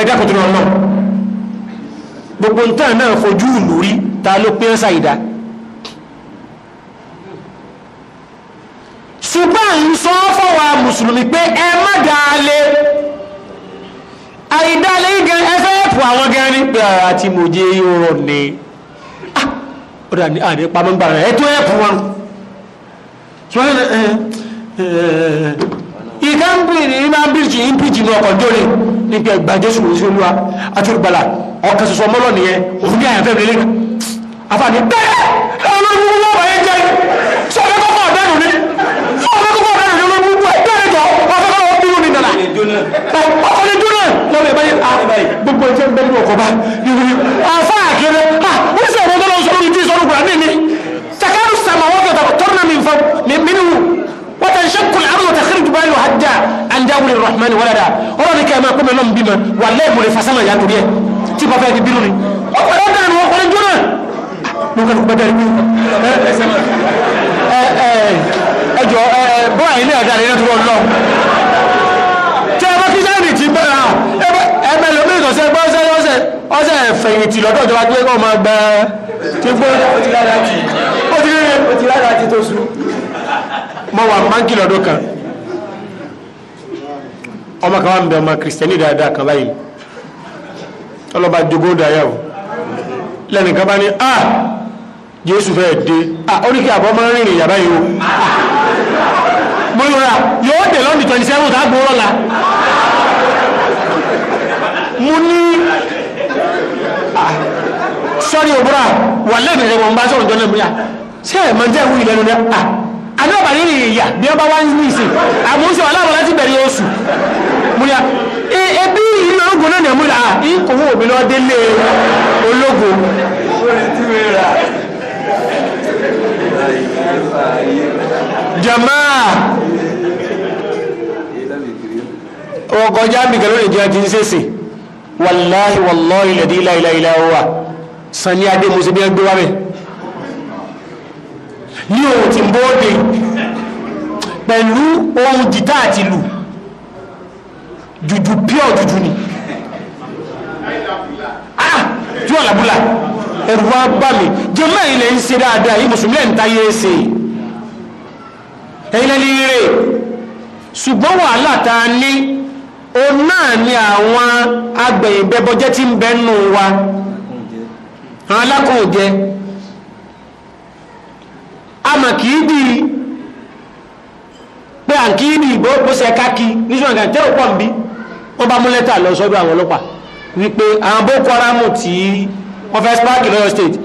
ẹ̀dá kò tó lọ náà gbogbo nǹkan náà fojú lórí ta ló pín ṣàyídá ṣùgbọ́n ń sọ fọ́wà mùsùlùmí pé ẹ má dáalé àìdáalé gan ẹfẹ́ ẹ̀pù àwọn gan ní pé ara ti mò jẹ́ ìrọ̀ ni ọ̀dà ah, ní àdé pamọ́gbà rẹ̀ ẹ̀tọ́ ẹ̀pù wọn ìkà ń bìrì ní máa ń bìrì jì ń bìrì jì ní ọkọ̀ jóni ní pé ẹgbà jésù òṣèlú wa àti olùgbàlà ọkàn ṣoṣo ọmọlọ́nìyẹn òfin bí àyànfẹ́ mi lẹ́nu àfààní bẹ́ẹ̀ olórí wọn bá yẹn jẹ ní sọ fẹ́ kọ́kọ́ ọ̀dẹ́nu ni sọ fẹ́ kọ́kọ́ ọ̀dẹ́nu ni olórí wọn bẹ́ẹ̀ tọ́ ọ̀fẹ́ kọ́kọ́ ọ̀dẹ́nu ni dàda ọkọ̀ ni jóná lọ́wọ́ ìbáyé gbogbo ẹ̀jẹ̀ bẹ́ẹ̀ ní ọkọ̀ bá ìrírí àfa àkẹrẹ ha wọ́n sì ọ̀rọ̀ ọ̀dọ́lọ́sọ lórí tí ìsọ̀rọ̀ gbà ní mi takaru samawa kẹta tọ́nà mi nfa mímú وتنشق الأرض وتخرج بال هدا أن داول الرحمن ولدا ọ̀rọ̀ ni kẹ́ ẹ máa kó mi lọ́mú bímọ wà lẹ́ẹ̀mú rẹ̀ بيروني؟ yàtọ̀ díẹ̀ tí mo kàn gbọ́dọ̀ rí mi ẹjọ bọ́ọ̀ àyílẹ ọdà rẹ náà tó lọ lọ tẹ ẹ bá kí sẹ́yìn ti bẹ hàn ẹ bẹ lómi o gbọ́ ọsẹ ọsẹ ọsẹ fẹ̀yìntì lọ́dọ̀ ìjọba tó yẹ kó máa gbẹ tí gbọ́ ó ti rárá jì ó ti rírẹ ó ti rárá jì tó su mo wà máńkì lọ́dọ̀ kan ọmọ kan wà ń bẹ ọmọ kìrìsìtẹ́nì dáadáa kan báyìí ọlọ́ba jogó dayà o lẹ́nu kan bá ní a. Ah! jésù fẹ́ dé oríkì àbọ̀ máa ń rìnrìn yàrá yìí o múlùra yóò dé lọ́ndì 27 tàbí rọ́la mú ní sọ́rí òbúra wà lẹ́bẹ̀rẹ̀ wọn bá sọ̀rọ̀ jọ́nà múlá ṣe ẹ̀ máa jẹ́ ìwú ìlẹ́nu ní à àdọ́bà rí rìn ìyà bí wọ́n bá wá ní ìsìn àmúṣe wà láàbọ̀ láti bẹ̀rẹ̀ oṣù múlá e, ebi ìlú ogun náà ní múlá ìkòwò òbí lọ́ọ́ délé ológun jama ọkọjá bìkan lórí ìjọba ti ń sèse wàláhi wàláhi lẹ́dí láìláìlá wa sani adé musu bí ẹgbẹ́ wa bẹ̀ ní òun ti bóde pẹ̀lú ohun jìtá àti lù jùjù pure jùjù ni ah jù ọ̀làbúlà ẹ̀rù wa bá mi jẹ́ mẹ́rin lè ń dáadáa yìí mùsùlùmí ẹ̀ ń ta yé ṣe. ẹ̀yin lẹ́ni rè ṣùgbọ́n wàhálà tá a ní òun náà ni àwọn agbẹ̀yìnbẹ́bọjẹ́ tí ń bẹ nù wa àwọn a kì í di pé à ń kí ní ìbò ó ṣe káàkiri níṣẹ́ ọ̀gá lọ sọ́dọ̀ àwọn ọlọ́pàá wípé àwọn boko haram lọ́yọ̀ state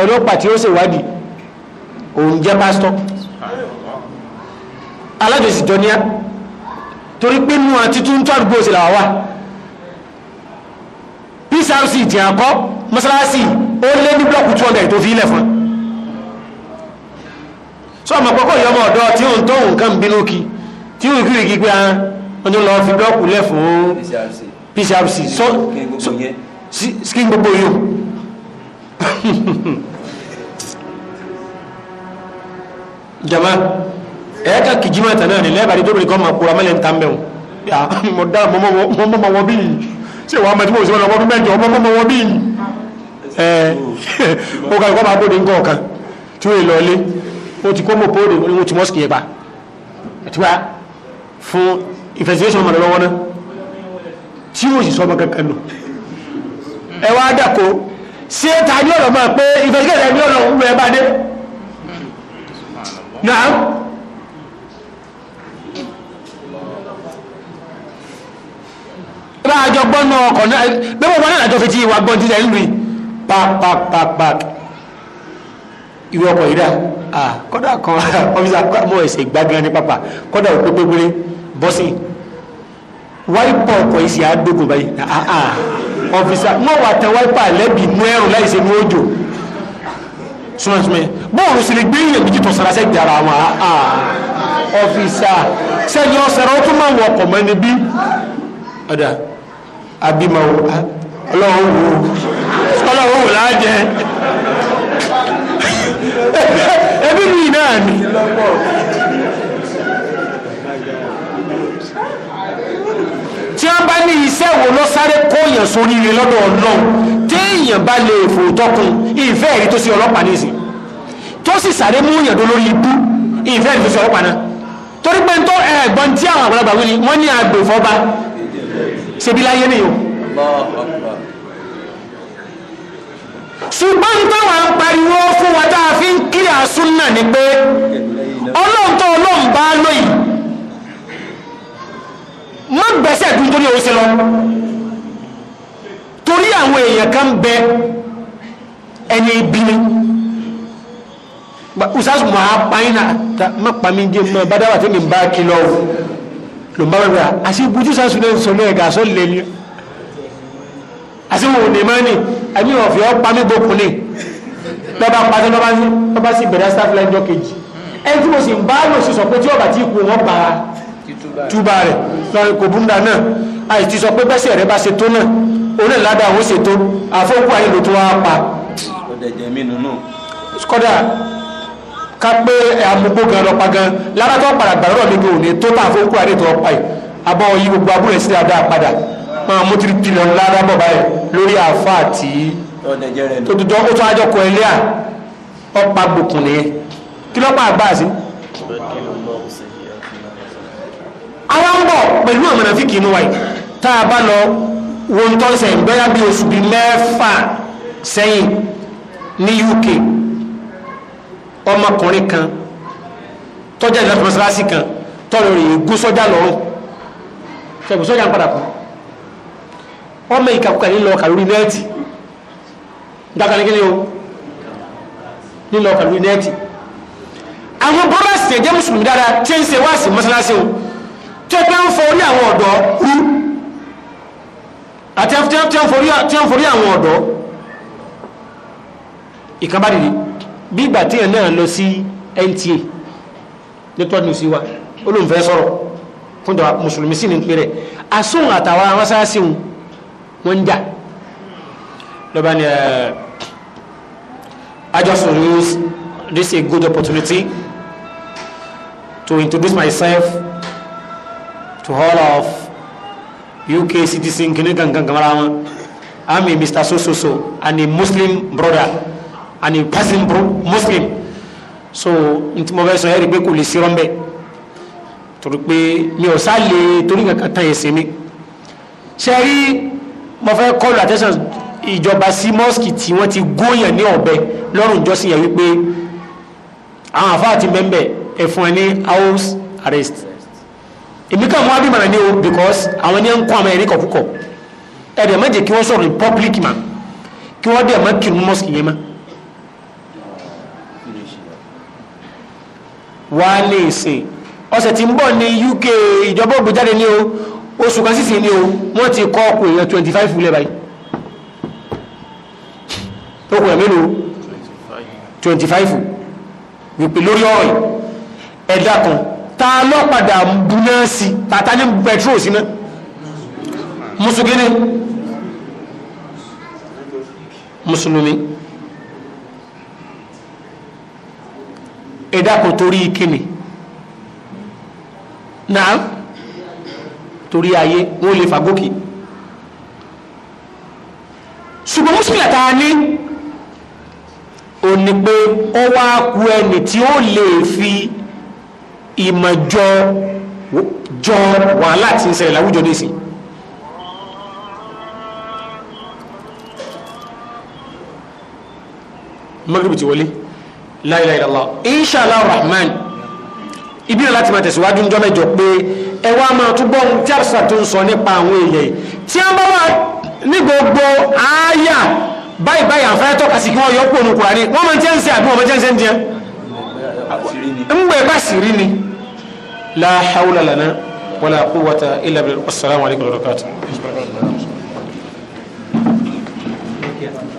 ọlọ́pàá tí ó sì wádìí òun jẹ́ pásítọ̀ alájọsí jọ níyà torí pé nù àti tó ń tọ́ àdúgbò sí làwà wà pcrc ti àkọ́ mọ́sálásì ó lé ní blọ́ọ̀kù 200 tó fi ilẹ̀ fún sọ àmọ́ pọ́kọ́ ìyọmọ ọ̀dọ́ tí ó ń tó nǹkan bínú kí tí ó kiri kí pé ahọ́n wọn lọ fi blọ́ọ̀kù lẹ̀ fún pcrc skin gbogbo yóò (laughs) jama ẹ ka kìjìmọ̀ tán náà ni lẹ́ẹ̀bàdì tóbi nìkan máa kóra mẹ́lẹ̀ ń tan bẹ́ẹ̀ o mọ̀ dá mọ́ mọ́ wọ́n bí yìí ṣé wàá mẹ́tí mo sì wọ́n ọdún mẹ́jọ mọ́ mọ́ wọ́n bí yìí ẹ (laughs) ó kàlùkọ́ máa bóde nǹkan ọ̀kan tí ó yẹ lọ ilé ó ti kó mọ̀ bóde ó ní mo ti mọ́sìkì yẹn pa àti wá fún investigation ọmọdé lọ́wọ́ náà tí ó sì sọ ọmọ kankan nù ẹ wá dàkó ṣé ta ní ọ̀rọ̀ máa pé ìfẹsíkẹ̀sẹ̀ ní ọ̀rọ̀ ń bẹ bá dé náà bá a jọ gbọ́nà ọkọ̀ náà bẹ́ẹ̀ bọ́ náà àjọ fetí ìwà gbọ́n ti sẹ́yìn lùi pàpàpàpàp ìwé ọkọ̀ yìí dà kọ́dà kan (laughs) ọ́fíìsà mọ̀ ẹ̀sẹ̀ gbádùn ẹni pàpà kọ́dà òkú gbégbére bọ́sì wáìpọ̀ ọkọ̀ yìí sì á dógùn báyìí ọ̀fíìsà wọ́n wà tẹ wáìpà lẹ́bi inú ẹ̀rùn láì ṣe ní òjò súnmọ́súnmọ́ bóòrù sì lè gbé ilẹ̀ méjì tó sara sẹ́gbẹ̀ ara wọn ọ̀fíìsà ah, ah. sẹ́yìn ọ̀sẹ̀rẹ̀ ó tún máa wọ ọkọ̀ mẹ́ni bí ọ̀dà abimawo ah, ọlọ́run wò ọlọ́run wò láàjẹ́ (laughs) ẹbí mi náà ni. wọ́n bá ní iṣẹ́ wo lọ sáré kóyàn sórí ire lọ́dọ̀ ọlọ́run téèyàn bá lè fòótọ́kun ìfẹ́ ẹ̀rí tó sí ọlọ́pàá ní ìsìn tó sì sáré mú yàn tó lórí ibú ìfẹ́ ẹ̀rí tó sí ọlọ́pàá náà torí pé tó ẹ̀gbọ́n tí àwọn àgbàlagbà wí ni wọ́n ní agbèfọ́ba ṣebí láyé nìyó ṣùgbọ́n táwọn ń pariwo fún wa tá a fi ń kíyà súnà ni pé ọlọ́run tó lóyìí má gbẹ́sẹ̀ dùn torí o ṣe lọ torí àwọn èèyàn kan bẹ ẹni ibi ni usasu mu a pan na ta ma pa mi je ma ba dawa te mi ba kilo lo ba ba asi buju sasu ne so ne ga so le ni asi wo de mani ami o fi o pa mi boku ni to ba pa to ba si to ba si bẹ̀rẹ̀ staff line jo kejì en tí mo sì ń bá lọ sí sọ pé tí ó ti kú wọn ba túbà rẹ̀ lọ́rin kò búndà náà àìsí sọ pé bẹ́sẹ̀ rẹ̀ bá ṣe tó náà orí ìlàdà òun ṣe tó àfọ́kù ayé ló tó wá pa. kọ́dà ká pé amúgbó gan lọ́pa gan lára tó padà gbàrọ́ rọ̀ níbi òní tó tà àfọ́kù ayé tó pa yìí abọ́ yí gbogbo abúlé sí dáadáa padà máa mú tiri pìlọ̀ lára bọ̀ báyìí lórí àfa àti tó dùdọ́ ó tún ajọ́kọ̀ ẹlẹ́à ọ̀pá gbòkùn nìyẹn kí lọ́pàá àgbà sí àwa ń bọ̀ pẹ̀lú àwọn mùnáfíkì inú wa yìí tá a bá lọ wo ń tọ́sẹ̀ bẹ́yà bí oṣù bíi mẹ́fà sẹ́yìn ní UK ọmọkùnrin kan tọ́jà ìlànà mọ́sálásí kan tọ́lọ̀ rèé gún sọ́jà lọ́rùn ṣẹ̀gùn sọ́jà ń padà kù ọmọ ìkàkùkà nílọ ọkà lórí nẹ́ẹ̀tì dákanikini o nílọ ọkà lórí nẹ́ẹ̀tì àwọn bọ́lá sì jẹ́ mùsùlùmí dáadáa tí ń ṣe wáàsí mọ́sálásí o tó pé ń forí àwọn ọ̀dọ́ rú àti tí wọ́n forí àwọn ọ̀dọ́ ìkábàdìrí bí ìgbà tí ẹ̀ náà lọ sí NTA network news wa olóńfẹ́ sọ̀rọ̀ fún ìjọba mùsùlùmí sí ní pé rẹ̀ asóhun àtàwọn àwọn sáásí wọn wọ́n ń jà lọ́ba ni ẹ̀ẹ́ I just want use this a good opportunity to introduce myself to all of UK citizen kini gangan kamarama I'm a Mr. So so so and a Muslim brother and a person bro Muslim so n tí mo fẹ́ sọ ẹ́ rí pé kò lè sí rọ́ńbẹ́ torí pé mi ò sá lè torí kankan tán ẹ̀sìn mi ṣe rí mo fẹ́ call attention ìjọba sí mọ́sìkì tí wọ́n ti góyàn ní ọ̀bẹ lọ́rùn ìjọsìn yẹn wípé àwọn àfáà ti mẹ́ńbẹ̀ ẹ̀fọn ní house arrest èmi kàn wọ́n abimọ̀ràn ni o because àwọn ẹni ń kọ́ àwọn ẹni kọ̀kúkọ̀ ẹ̀dẹ̀ má jẹ́ kí wọ́n sọ̀rọ̀ public ma kí wọ́n dẹ̀ má kiri mosque yẹn ma. wàá lè sìn ọ̀sẹ̀ tí ń bọ̀ ní UK ìjọba ògbójáde ní o oṣù kan sísìn ní o wọ́n ti kọ́ ọkọ̀ èèyàn twenty five wúlẹ̀ báyìí okùn ẹ̀ mélòó twenty five wípé lórí ọ̀rọ̀ ẹ̀dá kan ta ló padà ń buná sí tata ní petrol sí náà mùsùlùmí mùsùlùmí ẹ̀dá kò torí kíni náà torí ayé wọ́n lè fagókè ṣùgbọ́n mùsùlùmí àtà ní o ní pé ó wá ẹni tí ó lè fi ìmọ̀jọ jọ wàhálà tí ń ṣẹlẹ̀ láwùjọ dé sí mọ́gìrìbì ti wọlé la ilaha illallah inshallah rahman ibi náà láti máa tẹ̀síwájú ń jọ mẹ́jọ pé ẹ wá máa túbọ̀ ń tí àṣà tó ń sọ nípa àwọn èèyàn tí a bá wà ní gbogbo àáyà báyìí báyìí àǹfààní tọ́ka sí kí wọ́n yọ kúrò ní Kùránì wọ́n máa ń jẹ́ ń ṣe àbí wọ́n máa ń jẹ́ ń ṣe ń jẹ́ nbẹ bá sì rí ni la hawla lana wala quwwata illa billah wasalaamualeykum wa rahmatulahi.